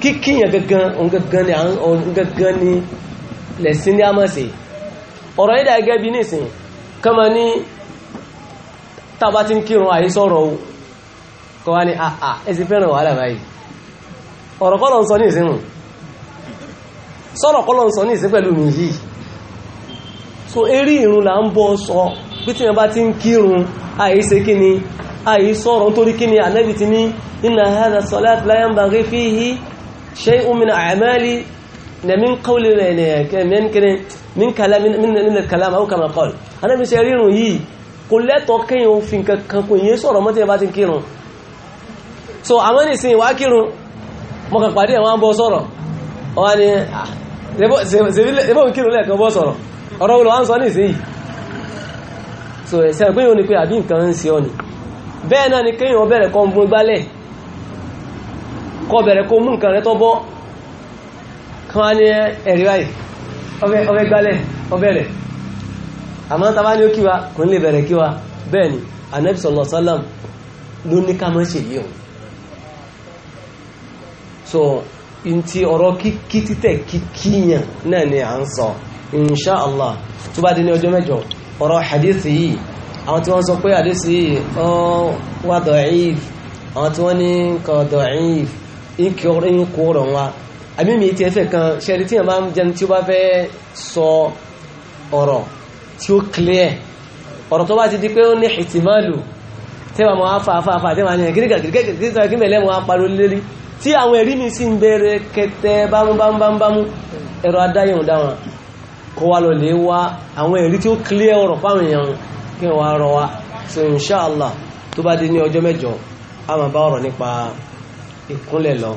kíkíyàn gangan gangan ni gangan ni lẹ̀sìn ní a máa ṣe ọ̀rọ̀ yìí dàgẹ́ bí nísìn kọ́mọ ní tàbá ti ń kírun àyí sọ̀rọ̀ o kọ́ wá ní àà ẹsì fẹ́ràn wàhálà báyìí ọ̀rọ̀ kọ́ ń sọ ní ìsinmi sọ̀rọ̀ kọ́ ń sọ ní ìsin mi yìí so eré ìrun là ń bọ́ sọ pé tí wọ́n bá ti ń kírun àyí ṣe àyí sọ́rọ̀ torí kí ni ànábì ti ní inna hadha salat la yanbaghi fihi shay'un min a'mali na min qawli min kalam min kalam aw kama qala ànábì ṣe rírun yìí kò lẹ́tọ̀ kẹ́yìn òfin kankan kò so àmọ́ nìsín ìwá kírun mọ́kàn pàdé àwọn bọ́ sọ̀rọ̀ wọ́n ni ṣebí kírun yìí so ẹ̀sẹ̀ pé yóò ní pé àbí nǹkan ń ṣe ọ́ ni bẹ́ẹ̀ náà ni kéèyàn bẹ̀rẹ̀ kọ́ mú gbálẹ̀ kọ́ bẹ̀rẹ̀ kó mú nǹkan rẹ tọ́ bọ́ kan ní ẹ̀rí báyìí ọbẹ̀ gbálẹ̀ ọbẹ̀rẹ̀ àmọ́ tàbá ní ó kíwa kò ní lè bẹ̀rẹ̀ kíwa bẹ́ẹ̀ ni Ànábì sallallahu ló ní ká mọ́ yìí o so in ti ọ̀rọ̀ kíkí títẹ̀ kíkíyàn náà ni à ń sọ insha Allah tó bá di ní ọjọ́ mẹ́jọ ọ̀rọ̀ hadith yìí àwọn tí wọ́n sọ pé àdísí ọ wà da'if àwọn tí wọ́n ní nǹkan da'if ìkó rọ̀ wá àmìmì tí ẹfẹ́ kan ṣẹ́rí tí ẹ̀mà ń jẹun tí ó bá fẹ́ sọ ọ̀rọ̀ tí ó clear ọ̀rọ̀ tó bá ti di pé ó ní ìtìmọ́lù tẹ́wà mọ́ afáfáfá tẹ́wà ní gírígàgírígàgírígàgírígàgírígàgírígàgírí tí àwọn ẹ̀rí mi sí ń bẹ̀rẹ̀ kí wọ́n rọ wa so inṣáàlá tó bá dé ní ọjọ́ mẹ́jọ a máa bá ọ̀rọ̀ nípa ìkúnlẹ̀ lọ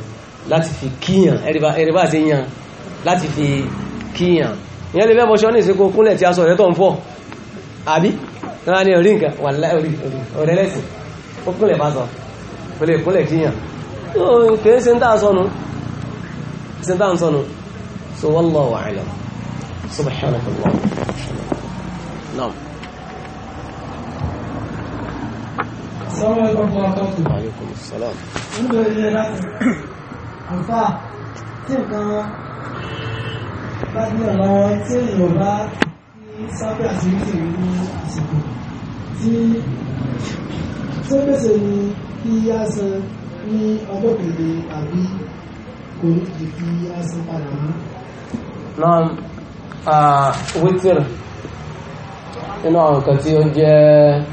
láti fi kíyàn ẹ̀rìbá àti yàn láti fi kíyàn ìyẹn lè fẹ́ bọ́ṣọ́ ní ìsìnkú kúnlẹ̀ tí a sọ rẹ̀ ń fọ́ àbí náà ní orí nǹkan wà láì Assalamualaikum, ẹ̀kọ́ fún akọ́kù. Àlékún sọ́lá. Nígbà ilé láti, àǹfà tí nǹkan bá ní ọ̀la wọn tí èèyàn bá ní sábẹ́ àṣírí ní àsìkò tí tó pèsè ní kí á san ní ọjọ́ kejì àbí kò ní kì í fi á san padà mọ́. Náà ah, wítìrì nínú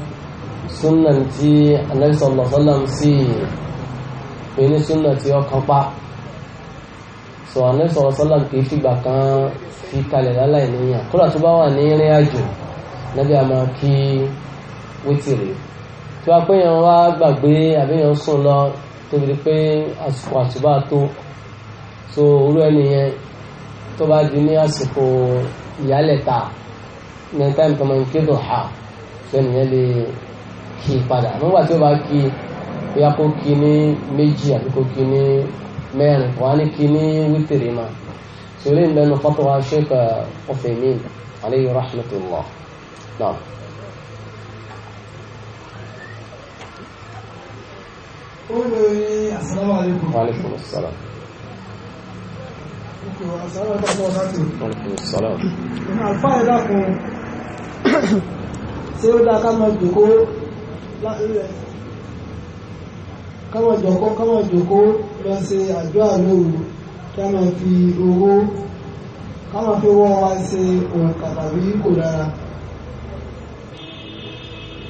súnà tí Ànábì sallallahu alaihi wasallam sí pé ní súnà tí ọkàn pa sọ Ànábì sallallahu alaihi wasallam kì í fìgbà kan fi kalẹ̀ láláì níyàn kódà tó bá wà ní ìrìn àjò Ànábì àmọ́ kí wítìrì tí wàá pé yẹn wá gbàgbé àbí yẹn sùn lọ tóbi di pé àsìkò àsùbá tó so orú ẹni yẹn tó bá di ní àsìkò ìyálẹ̀ta ní táìmù tó máa ń ké dùn ha so ẹni lè kí padà nígbà tí ó bá kí bóyá kó kí ní méjì àbí kó kí ní mẹ́rin wà ní kí ní wítìrì mà sórí ìlẹ́nu fatwa Sheikh Uthaymeen alayhi rahmatullah náà. olórí asalaamualeykum. waaleykum asalaam. waaleykum àlùfáà yẹn dákun ṣé ó dáa ká máa gbèkó láìlẹ̀ kámọ̀jọ̀kọ́ kámọ̀jọ̀kọ́ lọ ṣe àdúrà lóru kí a máa fi owó kámọ̀ fi wọ́n wá ṣe òǹkà tàbí kò dára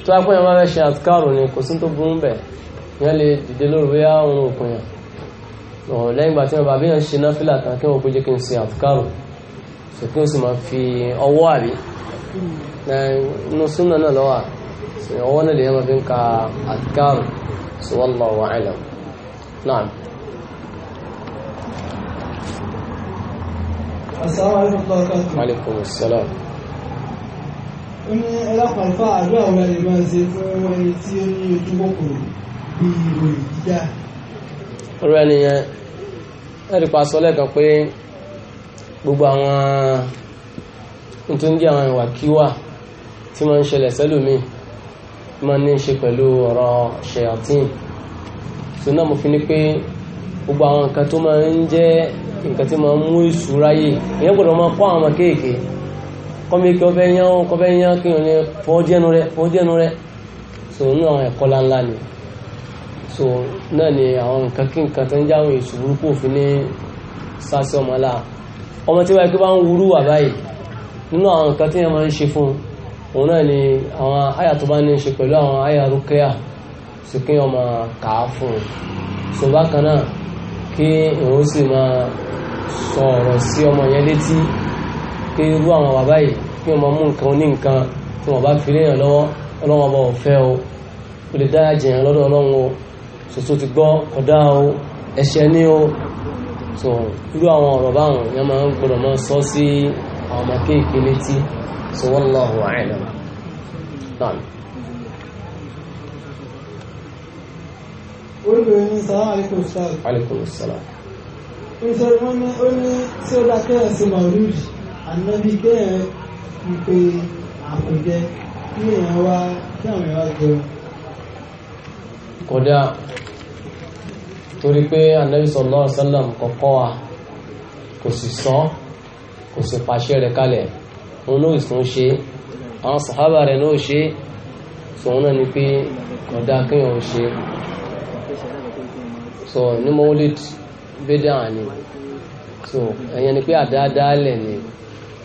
tó wá pẹ́yàn máa ṣe àtikárò ni kò sí tó burú bẹ̀ yẹn lè dìde lóru bóyá òun òpin yàn ọ̀rọ̀ lẹ́yìn ìgbà tí wọn bàbá yàn ṣe náfìlà kan kí wọn péjé kí n ṣe àtikárò ṣe kí n sì máa fi ọwọ́ àbí nínú hmm. súnà náà lọ́wọ́ àbí ìwọ́n náà lè yẹn máa fi ń ka àdìkárù sí wallahu a'lam náà. asalaamualeykum tọ́kàtù. maaleykum salaam. ó ní ẹlọ́pàá àdúrà wo la lè máa ṣe fún ẹni tí ó ní ojú kòkòrò bíi ìròyìn jíjà. irú ẹni yẹn sọ lẹ́ẹ̀kan pé gbogbo àwọn nítorí àwọn ìwàkiwà tí wọ́n ń ṣẹlẹ̀ sẹ́lòmíì ma ní ṣe pẹ̀lú ọ̀rọ̀ ṣẹ̀yàtín so náà mo fi ní pé gbogbo àwọn nǹkan tó máa ń jẹ́ nǹkan tí máa ń mú ìṣúra yìí ìyẹn gbọ́dọ̀ máa kọ́ àwọn kéèké kọ́mi kí ọbẹ̀ yán kọ́bẹ̀ yán kí wọ́n ní fọ́jẹ́nu rẹ so àwọn ẹ̀kọ́ ni so náà ni àwọn nǹkan kí nǹkan tó ń jáwé ìṣòro kò fi ní ọmọ tí wáyé pé bá ń wúrú wà báyìí nínú òun náà ni àwọn àyà tó bá ní ṣe pẹ̀lú àwọn àyà rúkẹ́yà sí kí ọmọ kà á fún un so bákan náà kí òun sì máa sọ ọ̀rọ̀ sí ọmọ yẹn létí pé irú àwọn bàbá yìí kí ọmọ mú nǹkan ní nǹkan tí wọ́n bá fi léèyàn lọ́wọ́ ọlọ́wọ́ bá ọ̀fẹ́ o ó lè dára jìyàn lọ́dọ̀ ọlọ́run o ṣoṣo ti gbọ́ ọ̀dá o ẹ̀ṣẹ̀ ní o so irú àwọn ọ̀rọ̀ báwọn yẹn máa ń gbọ́dọ̀ máa sọ sí àwọn ọmọ kéèké létí so wallahu a'lam náà. olùbẹ̀rẹ̀ ní sàrà alaykum salaam. alaykum salaam. nítorí wọ́n ní ó ní tí ó dá kẹ́hìn sí maulidi ànábi kẹ́hìn ń pe àpèjẹ kí èèyàn wá kí àwọn èèyàn wá jẹun. kódà torí pé ànábi sallallahu alaihi wasallam kọ̀kọ́ wa kò sì sọ kò sì pàṣẹ rẹ̀ kalẹ̀ òun náà sùn ṣe àwọn sàhábà rẹ̀ náà ṣe sọ̀rọ̀ náà ni pé kọ̀dá kéèyàn ò ṣe sọ ní mọ́wúlid bídà ni so ẹ̀yẹn ni pé àdáadáalẹ̀ ni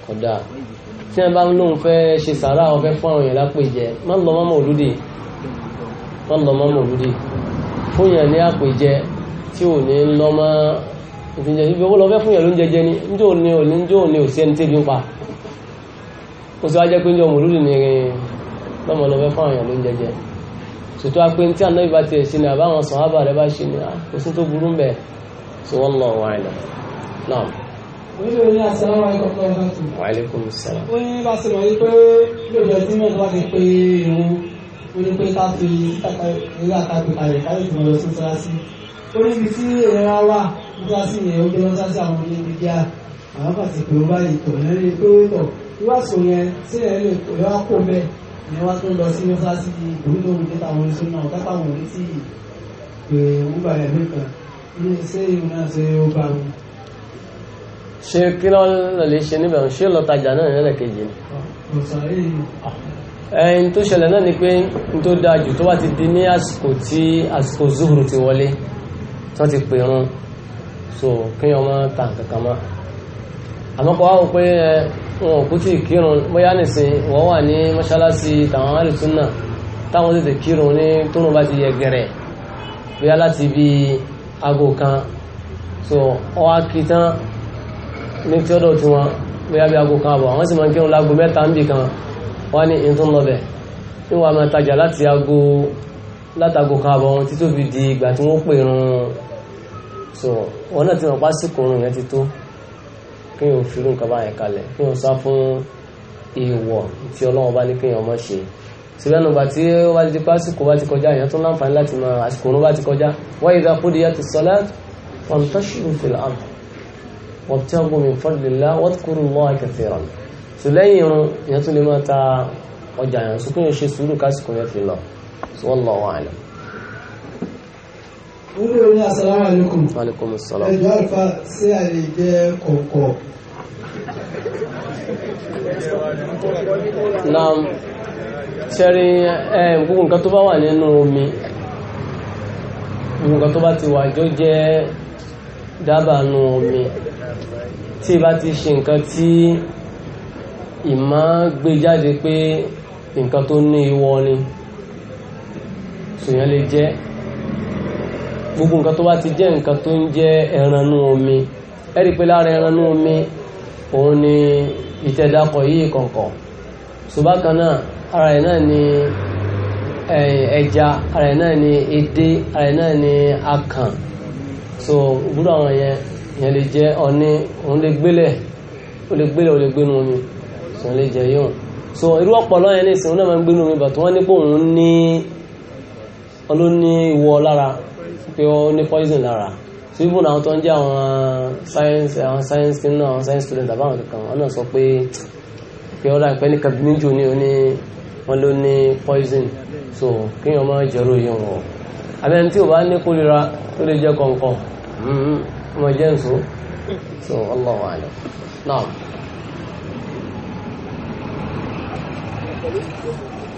kọ̀dá tí wọ́n bá ń lóun fẹ́ ṣe sàárà ọ̀fẹ́ fún àwọn èèyàn lápèjẹ má lọ mọ́mọ́ òlúdì má lọ mọ́mọ́ òlúdì fún yẹn ní àpèjẹ tí ò ní lọ́mọ́ ìfìjẹ ibi owó lọ́fẹ́ fún yẹn ló ń jẹjẹ ní njó ni ò ní njó ni ò sí ẹni tẹ́bi ń pa kó sì wá jẹ́ pé ń jọ mòlúdì ní irin lọ́mọ lọ́fẹ́ fún àyàn ló ń jẹjẹ ṣètò apé tí ànábì bá tiẹ̀ ṣe ni àbáwọn sàhábà rẹ bá ṣe ni kò sí tó burú mbẹ̀ tí wọ́n lọ wà ilẹ̀ náà. oníṣòwò ní àṣàlọ́wọ́ ẹ̀kọ́ fún ọ̀gá tù. wa alaikum salam. ó ní bá ṣe lọ yí lóòjọ́ tí mẹ́ta bá ti pé irun ó ní pé ká fi eré àtàkùn kalẹ̀ ká lè lọ sí mọ́ṣáláṣí ó níbi tí ìrora wà mọ́ṣáláṣí yẹn ó dé mọ́ṣáláṣí àwọn ilé irú àsùn yẹn tí ẹ lè kó ẹ wá kó bẹ́ẹ̀ ni wọ́n tún lọ sí mọ́sáàsì ìgbóhùnlóhùn níta àwọn oníṣẹ́ náà kápá wọn ní tí pé wọ́n gbà ẹ̀ nìkan ní ṣé ìwé náà ṣe ó bá wọn. ṣé kí ló ń lè ṣe níbẹ̀ ṣé lọ́tajà náà nílẹ̀ kejì ni. ẹyin tó ṣẹlẹ̀ náà ni pé n tó dáa jù tó bá ti di ní àsìkò tí àsìkò zuhuru ti wọlé tó ti pè run so kí ọmọ ta nǹkan kan mọ́ àmọ́ kọ́ wáwọ́ pé wọn ò kú tí kírun bóyá nìsín wọ́n wà ní mọ́ṣáláṣí tàwọn àrìsúnà táwọn tètè kírun ní tóun bá ti yẹ gẹ̀rẹ̀ bóyá láti bí aago kan so wọ́n wá kí tán ní tí ọ̀dọ̀ tí wọn bóyá bí aago kan àbọ̀ àwọn sì máa ń kírun láago mẹ́ta ń bì kan wọ́n ní ìtún lọ́bẹ̀ níwọ̀n a máa tajà láti aago látago kan àbọ̀ wọn di ìgbà tí wọ́n pè rún so wọn náà ti mọ̀ pásíkò rún yẹn ti tó kí yóò fi irú nǹkan báyẹn kalẹ̀ kí yóò sá fún èèwọ̀ tí ọlọ́run bá ní kí yóò mọ̀ ṣe síbẹ̀ nùgbà tí ó bá ti di pásìkò bá ti kọjá èèyàn tó láǹfààní láti mọ àsìkò òun bá ti kọjá wáyé ìdá kó di yá ti sọlá wọn tó ṣì ń fìlà àmì wọn tí wọn gbọmí fọdùlélá wọn kúrò mọ akẹfẹ rẹ sọ lẹ́yìn irun èèyàn tó lè máa ta ọjà yẹn sọ pé ṣe sùúrù kásìkò yẹn fi lọ sọ wọn lọ wọn àlẹ. olórí ní asalaamu alaykum. maaleykum salaam. ẹjọ àlùfáà a jẹ naam ṣẹ́rí gbogbo nǹkan tó bá wà nínú omi gbogbo nǹkan tó bá ti wà jọ jẹ́ dábàá nù omi tí bá ti ni sòyàn lè gbogbo nǹkan tó bá ti jẹ́ nǹkan tó ń jẹ́ ẹranú omi ẹ̀rí pé lára ẹranú omi òun ni ìtẹ̀dàkọ̀ yìí kọ̀ọ̀kọ̀ ṣùgbọ́n kan náà ara ẹ̀ náà ni ẹja ara ẹ̀ náà ni edé ara ẹ̀ náà ni akàn so gbúdọ̀ àwọn yẹn yẹn lè jẹ́ ọ̀ní òun lè gbélẹ̀ ó lè gbélẹ̀ ó lè gbénu omi so òun lè jẹ yóò so irú ọ̀pọ̀lọ́ yẹn ní ìsìn òun náà máa ń gbénu omi bàtú wọ́n ní pé òun ní ọlọ́ní ìwọ lára pé ó ní poison lára so even àwọn tó ń jẹ́ àwọn science àwọn science kí náà àwọn science student àbáwọn kankan wọn náà sọ pé pé ó láìpẹ́ ní kabiniju ní oní wọn ló ní poison so kéèyàn máa jẹ́rú yìí wọ̀ abẹ́ni tí o bá ní kórira ó lè jẹ́ kọ̀ọ̀kan mm-hmm. ọmọ jẹ́ nso so Allahu alam náà.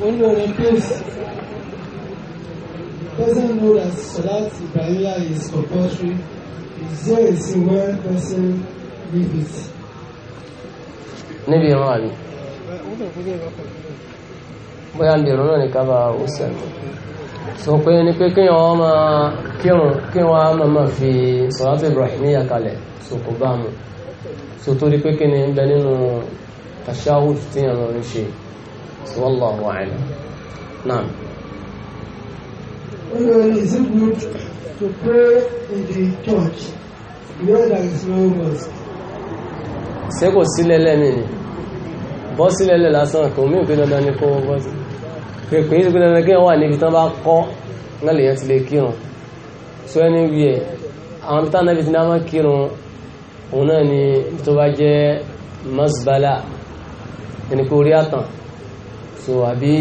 olórin pèsè. person know that Salat Ibrahimiyya is compulsory is there a person leave it. níbi ìran àbí. bóyá níbi ìran náà ní ká ó sẹ́nu. sọ pé ní pé kéèyàn wọn máa kírun máa so torí pé kí ni ń bẹ nínú tashahud Is it good to pray in the church where there is no mosque? Ṣé kò sílẹ̀ lẹ́ni ni? Bọ́ sílẹ̀ lẹ́ lásán kò mí òkè dandan ní kó bọ́ sí. Pèpè yìí dandan kí wọ́n wà níbi tán bá kọ́ náà lèyàn ti lè kírun. So ẹni wí ẹ̀, àwọn ibi táwọn ẹbí ti náà máa kírun òun náà ni tó bá jẹ́ masbala ẹni pé orí àtàn. So àbí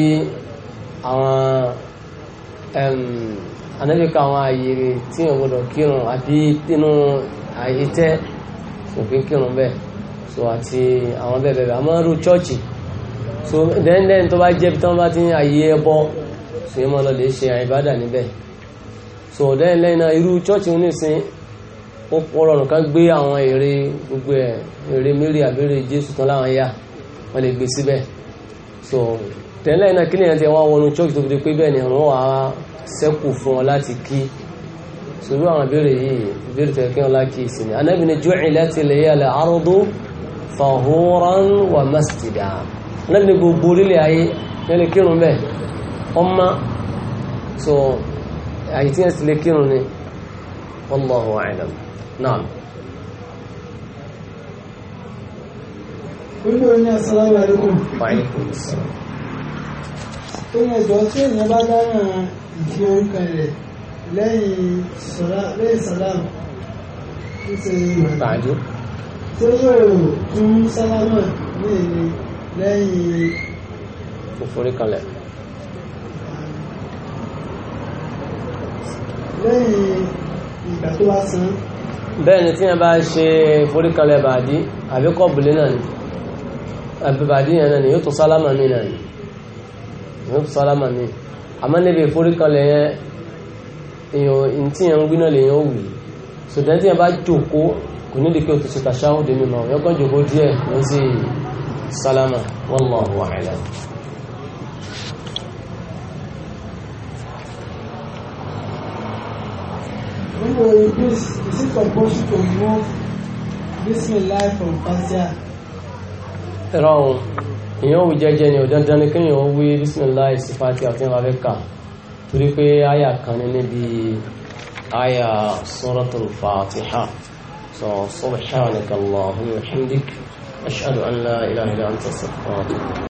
àwọn anábìkà àwọn àyèrè tí èèyàn gbọdọ̀ kírun àbí inú àyè tẹ́ òfin kírun bẹ́ẹ̀ so àti àwọn bẹ́ẹ̀ bẹ́ẹ̀ àmọ́ rú chọ́ọ̀chì so dẹ́ndẹ́n tó bá jẹ́ bí tán bá ti ń àyè ẹbọ so yẹn máa lọ lè ṣe àìbádà níbẹ̀ so dẹ́ndẹ́n náà irú chọ́ọ̀chì onísìn ó rọrùn ká gbé àwọn ère gbogbo ẹ̀ ère mary àbẹ̀rẹ̀ jésù tán láwọn yá wọ́n lè gbé síbẹ̀ so tẹ́lẹ̀ náà kí nìyàn ti wá wọnú church tó fi di pé bẹ́ẹ̀ ni wọ́n wá sẹ́kù fún ọ láti kí sòrò àwọn ìbéèrè yìí ìbéèrè tẹ̀ kí wọ́n láti ìsìn ní anábì ni ju'ilat liyal ardu tahuran wa masjida anábì ni gbogbo orílẹ̀ ayé nílẹ̀ kírun bẹ́ẹ̀ ọmọ so àyè tí yẹn kírun ni wallahu a'lam naam. Wíwọ́n ní asalaamu alaykum. Wa alaykum salaam tó yẹn jọ tí èèyàn bá dáná ìfi orúkọ rẹ̀ lẹ́yìn sàlámù tó ṣe ìrìnàjò tó yóò tún sálámù ní èyí lẹ́yìn ìforíkanlẹ̀ lẹ́yìn ìgbà tó wá san bẹ́ẹ̀ ni tí yẹn bá ṣe ìforíkanlẹ̀ bàdí àbíkọ́ bùlé náà ni àbíbàdí yẹn náà ni yóò tún sálámù mí náà ni ìyẹn sálámà mi àmọ́ níbi ìforíkanlẹ̀ yẹn èèyàn tí yẹn ń gbé náà lèèyàn wù ṣùgbọ́n tí yẹn bá jòkó kò ní dìkẹ́ òtútù tàṣáhùdé mímọ́ yẹn kàn jòkó díẹ̀ ló sì sálámà wallahu a'lam. Anyway, please, is it compulsory to remove Bismillah from Fatiha? Wrong èèyàn wù jẹ́jẹ́ ni ọ̀dandan ni kéèyàn ó wí bísímìlá ìsìfàtì àti ìwà fẹ́ kà torí pé àyà kan ní níbi àyà suratul Fatiha sọ subhanaka Allahumma wa bihamdik ashhadu an la